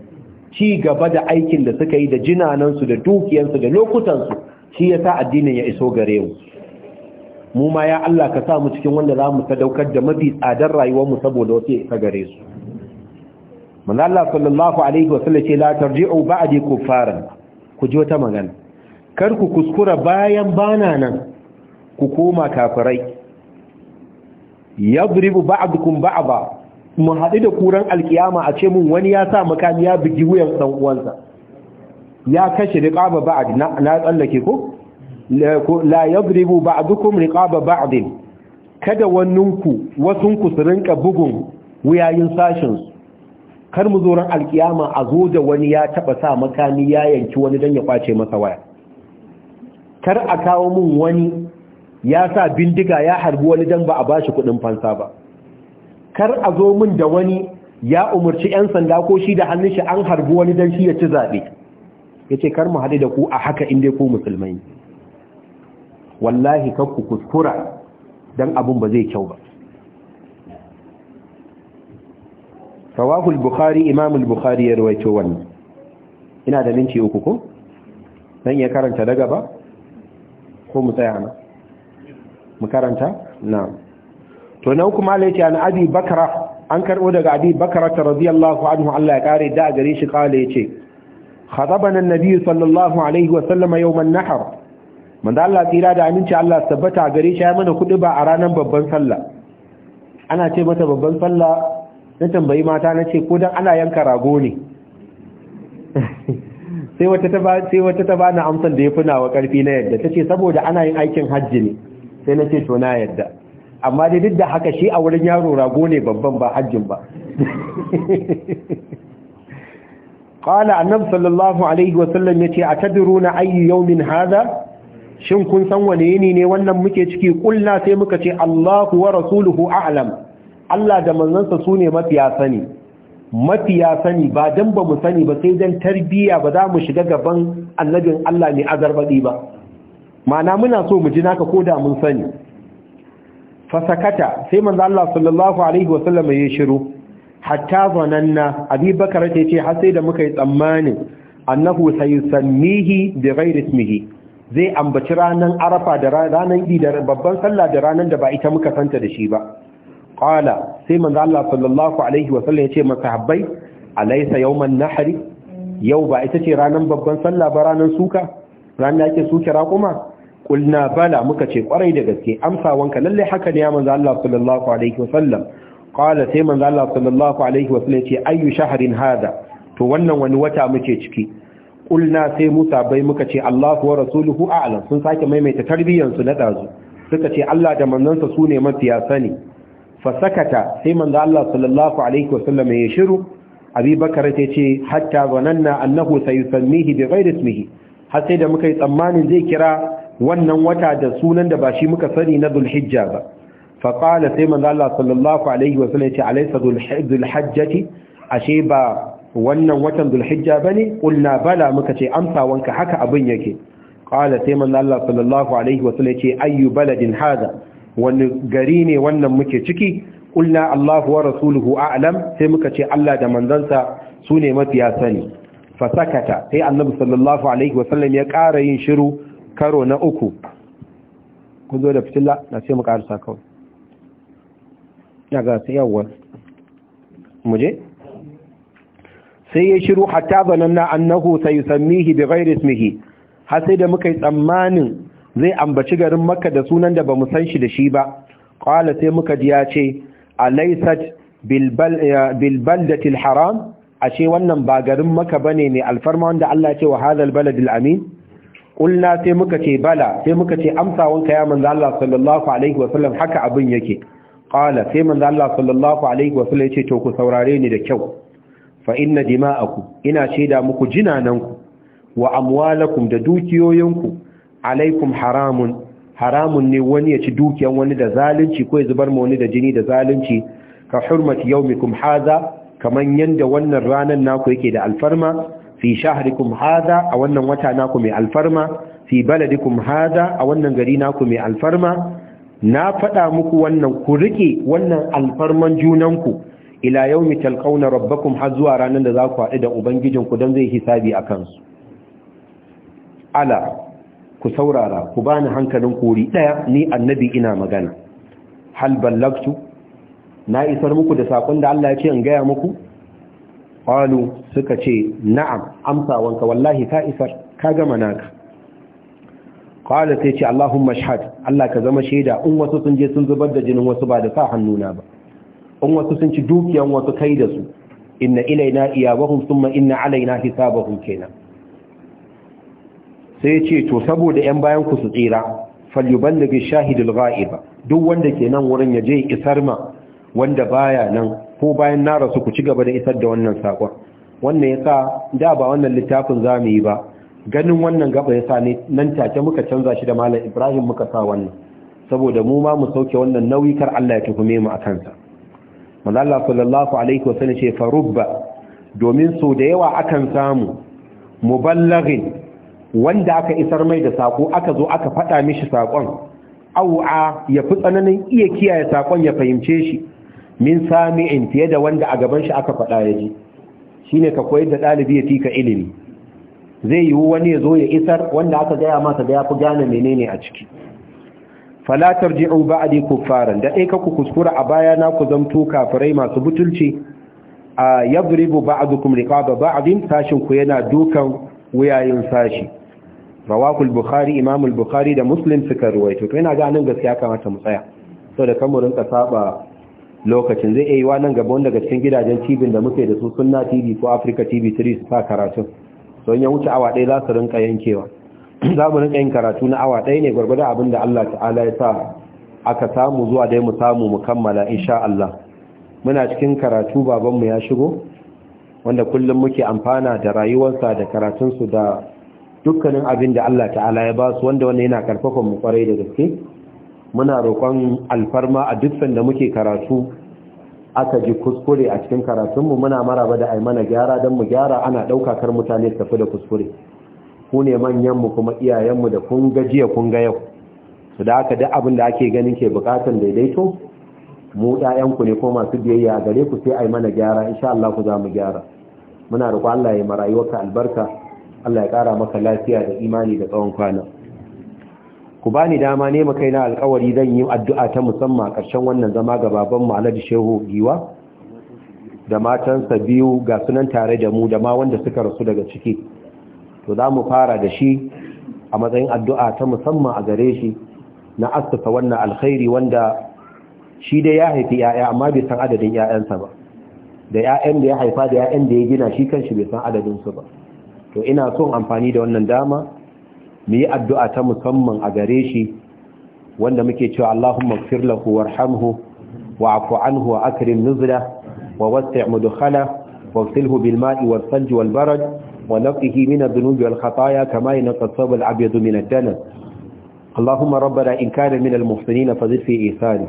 ci gaba da aikin da suka yi da jinanansu da dukiyansu da lokutansu shi ya sa addinin ya iso gare mu mu ma ya Allah ka sa mu cikin wanda za mu sadaukar da mafi tsadar rayuwarmu saboda wasu ya isa gare su manzo Allah sallallahu alaihi wa sallam ce la tarji'u ba'di kuffaran ku ji wata magana kar ku kuskura bayan bana nan ku koma kafirai yadribu ba'dukum ba'da mu haɗu da kuran alkiyama a ce mun wani ya sa makami ya bugi wuyan san uwansa ya kashe riqaba ba'd na tsallake ko la yadribu ba'dukum riqaba ba'd kada wasun ku su rinka bugun wuyayin sashin kar mu zoran alkiyama a zo da wani ya taba sa makami ya yanki wani dan ya kwace masa waya kar a kawo mun wani ya sa bindiga ya harbi wani dan ba a bashi kudin fansa ba kar a zo min da wani ya umarci 'yan sanda ko shi da hannun shi an harbi wani dan shi ya ci zaɓe ya ce kar mu haɗu da ku a haka inda ku musulmai wallahi ka ku kuskura don abin ba zai kyau ba al bukhari imamul bukhari ya rawaito wannan ina da minti uku ko zan iya karanta daga ba ko mu tsaya na makaranta na to na hukuma malai yace an abi bakara an karbo daga abi bakara ta radiyallahu anhu Allah ya kare da gare shi kala yace khadabana an-nabi sallallahu alaihi wa sallam yawman nahar da Allah tsira da aminci Allah tabbata gare shi ya mana kudi ba a ranar babban sallah ana ce mata babban sallah na tambayi mata na ce ko dan ana yanka rago ne sai wata ta ba sai wata ta bani amsan da ya fina wa karfi na yadda tace saboda ana yin aikin hajji ne sai na ce to na yadda amma dai duk da haka shi a wurin yaro rago ne babban ba hajjin ba qala annab sallallahu alaihi wasallam yace atadruna yau yawmin hada. shin kun san wane yini ne wannan muke ciki ƙulla sai muka ce Allahu wa rasuluhu a'lam Allah da manzansa su ne mafiya sani mafiya sani ba dan ba mu sani ba sai dan tarbiyya ba za mu shiga gaban annabin Allah ne azarbadi ba ma'ana muna so mu ji naka ko da mun sani fasakata sai manzo Allah sallallahu alaihi wa sallam ya shiru hatta zananna abi ta ce har sai da muka yi tsammanin annahu sayusammihi bi ghairi ismihi zai ambaci ranan arafa da ranan da babban sallah da ranan da ba ita muka santa da shi ba qala sai manzo Allah sallallahu alaihi wa sallam ya ce masahabbai alaysa yawman nahri yau ba ita ce ranan babban sallah ba ranan suka ranan da ake suke raƙuma kulna bala muka ce kwarai da gaske amsawanka lalle haka ne ya manzo Allah sallallahu alaihi wasallam qala sai manzo Allah sallallahu alaihi wasallam ce ayu shahrin hada to wannan wani wata muke ciki kulna sai Musa bai muka ce Allah wa rasuluhu a'lam sun sake maimaita tarbiyyar su na dazu suka ce Allah da manzansa su ne mafiya sani fa sai manzo Allah sallallahu alaihi wasallam ya shiru Abi Bakar ta ce hatta zananna annahu sayusammihi bi ghairi ismihi har sai da muka yi tsammanin zai kira wannan wata da sunan da ba shi muka sani na zulhijja ba faƙala sai manzo Allah sallallahu alaihi wasallam ce alaysa zulhijjati ashe ba wannan watan zulhijja bane qulna bala muka ce amsa wanka haka abin yake qala sai manzo Allah sallallahu alaihi wasallam ce ayyu baladin hada wani gari ne wannan muke ciki qulna Allah wa rasuluhu a'lam sai muka ce Allah da manzansa sune mafiya sani sakata sai annabi sallallahu alaihi wasallam ya ƙara yin shiru karo na uku kun zo da fitila na ce mu karasa kawai daga sai yawon muje sai ya shiru hatta zananna annahu sayusammihi bighairi ismihi har sai da muka yi tsammanin zai ambaci garin makka da sunan da bamu san shi da shi ba qala sai muka ji ya ce bilbal da baldati haram ashe wannan ba garin makka ba ne alfarma wanda Allah ce wa hadal baladil amin Ƙulla sai muka ce bala sai muka ce amsawanka ya manzo Allah sallallahu alaihi sallam haka abin yake qala sai manzo Allah sallallahu alaihi wasallam yace to ku saurare ni da kyau fa inna dima'akum ina shaida muku jinananku wa amwalakum da dukiyoyinku alaikum haramun haramun ne wani ya ci dukiyan wani da zalunci ko ya zubar ma wani da jini da zalunci ka hurmati yaumikum haza kaman yanda wannan ranan naku yake da alfarma fi shahrikum hada a wannan wata naku mai alfarma fi baladikum hada a wannan gari naku mai alfarma na faɗa muku wannan ku rike wannan alfarman junanku ila yaumi talqauna rabbakum har zuwa ranar da za ku haɗu da ubangijinku don zai hisabi a kansu ala ku saurara ku bani hankalin kori ɗaya ni annabi ina magana hal ballagtu na isar muku da sakon da Allah ya ce in gaya muku qalu suka ce na'am amsawanka wallahi ka isar ka gama naka qala sai ce allahumma shahad Allah ka zama shaida in wasu sun je sun zubar da jinin wasu ba da sa hannuna ba in wasu sun ci dukiyan wasu kai da su inna ilaina iyabahum thumma inna alaina hisabahum kenan sai ce to saboda yan bayan ku su tsira falyuballighi shahidul ghaiba duk wanda ke nan wurin ya je isar ma wanda baya nan ko bayan na rasu ku ci gaba da isar da wannan sakon wannan yasa da ba wannan littafin zamu yi ba ganin wannan gaba yasa ne nan take muka canza shi da malam Ibrahim muka sa wannan saboda mu ma mu sauke wannan nauyi Allah ya tuhume mu a sa manzo Allah sallallahu alaihi wasallam ce farubba domin so da yawa akan samu muballighin wanda aka isar mai da sako aka zo aka fada mishi sakon au'a ya fi tsananin iya kiyaye sakon ya fahimce shi min sami'in fiye da wanda a gaban shi aka faɗa ya ji Shi ne ka koyar da ɗalibi ya fika ilimi zai yiwu wani ya zo ya isar wanda aka gaya masa da ya fi gane menene a ciki falatar ji'u ba'adi kuffaran da ɗai ka ku kuskura a baya na ku zamto kafirai masu butulci a yadribu ba'dukum riqaba ba'din sashin ku yana dukan wuyayin sashi rawakul bukhari Imamul bukhari da muslim suka ruwaito to yana ga nan gaskiya kamata mu tsaya saboda da kamurin ka saba lokacin zai iya yi wa nan gaba wanda daga cikin gidajen tv da muke da su sunna tv ko africa tv 3 su karatu to don ya wuce awa ɗaya za su rinka yankewa za mu rinka yin karatu na awa ɗaya ne gwargwada abin da Allah ta'ala ya sa aka samu zuwa dai mu samu mu kammala insha Allah muna cikin karatu babanmu ya shigo wanda kullum muke amfana da rayuwarsa da karatunsu da dukkanin abin da Allah ta'ala ya ba su wanda wannan yana karfafa mu kwarai da gaske muna roƙon alfarma a duk sanda muke karatu aka ji kuskure a cikin karatunmu muna maraba da ai mana gyara don mu gyara ana ɗaukakar mutane tafi da kuskure ku ne manyanmu kuma iyayenmu da kun gajiya kun ga yau su da aka duk abin da ake ganin ke buƙatar daidaito mu ɗayanku ne ko masu biyayya a gare ku sai ai mana gyara insha Allah ku za mu gyara muna roƙon Allah ya marayuwarka albarka Allah ya ƙara maka lafiya da imani da tsawon kwana ku bani dama ne nema na alkawari zan yi addu'a ta musamman a ƙarshen wannan zama ga baban mu Alhaji Shehu Giwa da matansa biyu ga sunan tare da mu da ma wanda suka rasu daga ciki to za mu fara da shi a matsayin addu'a ta musamman a gare shi na asfa wannan alkhairi wanda shi dai ya haifi ‘ya'ya amma bai san adadin ‘ya'yansa ba da ‘ya'yan da ya haifa da ‘ya'yan da ya gina shi kan shi bai san su ba to ina son amfani da wannan dama mu yi addu’a ta musamman a gare shi wanda muke cewa Allahumma fir lahu warhamhu wa afu anhu wa akrim nuzla wa wasi' mudkhala wa silhu bil ma'i wal thalj wal barad wa naqihi min adh-dhunubi wal khataaya kama yanqasabu al abyad min in kana min al muhsinina fadhil fi ihsani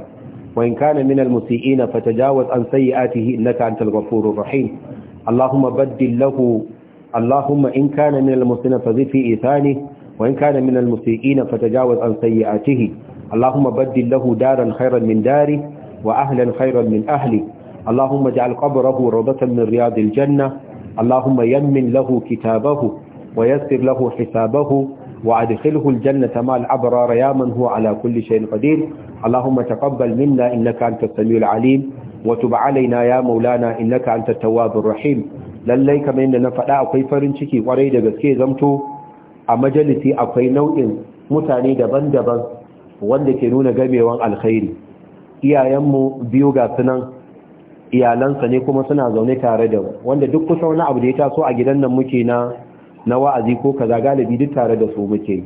wa in kana min al musii'ina fatajawaz an sayyi'atihi innaka antal ghafurur rahim Allahumma baddil lahu Allahumma in kana min al muhsinina fadhil fi ihsani وإن كان من المسيئين فتجاوز عن سيئاته اللهم بدل له دارا خيرا من داره وأهلا خيرا من أهله اللهم اجعل قبره روضة من رياض الجنة اللهم يمن له كتابه ويسر له حسابه وأدخله الجنة مع الأبرار يا من هو على كل شيء قدير اللهم تقبل منا إنك أنت السميع العليم وتب علينا يا مولانا إنك أنت التواب الرحيم lallai kamar yadda na faɗa akwai farin ciki kwarai da gaske zamto a majalisi akwai nau'in mutane daban-daban wanda ke nuna gamewan alkhairi iyayenmu biyu ga sunan iyalansa ne kuma suna zaune tare da wanda duk kusa wani abu da ya taso a gidan nan muke na na wa'azi ko kaza galibi duk tare da su muke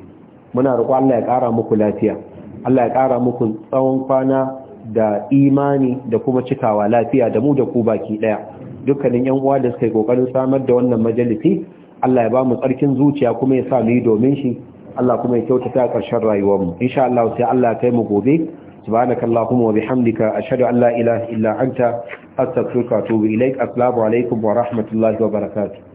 muna roƙo Allah ya ƙara muku lafiya Allah ya ƙara muku tsawon kwana da imani da kuma cikawa lafiya da mu da ku baki daya dukkanin yan uwa da suka yi kokarin samar da wannan majalisi Allah ya ba mu tsarkin zuciya kuma ya sa mu yi domin shi Allah kuma ya kyautata ƙarshen rayuwarmu insha Allah sai Allah ya kai mu gobe subhanakallahumma wa bihamdika ashhadu an la ilaha illa anta astaghfiruka wa atubu ilaik assalamu alaikum wa rahmatullahi wa barakatuh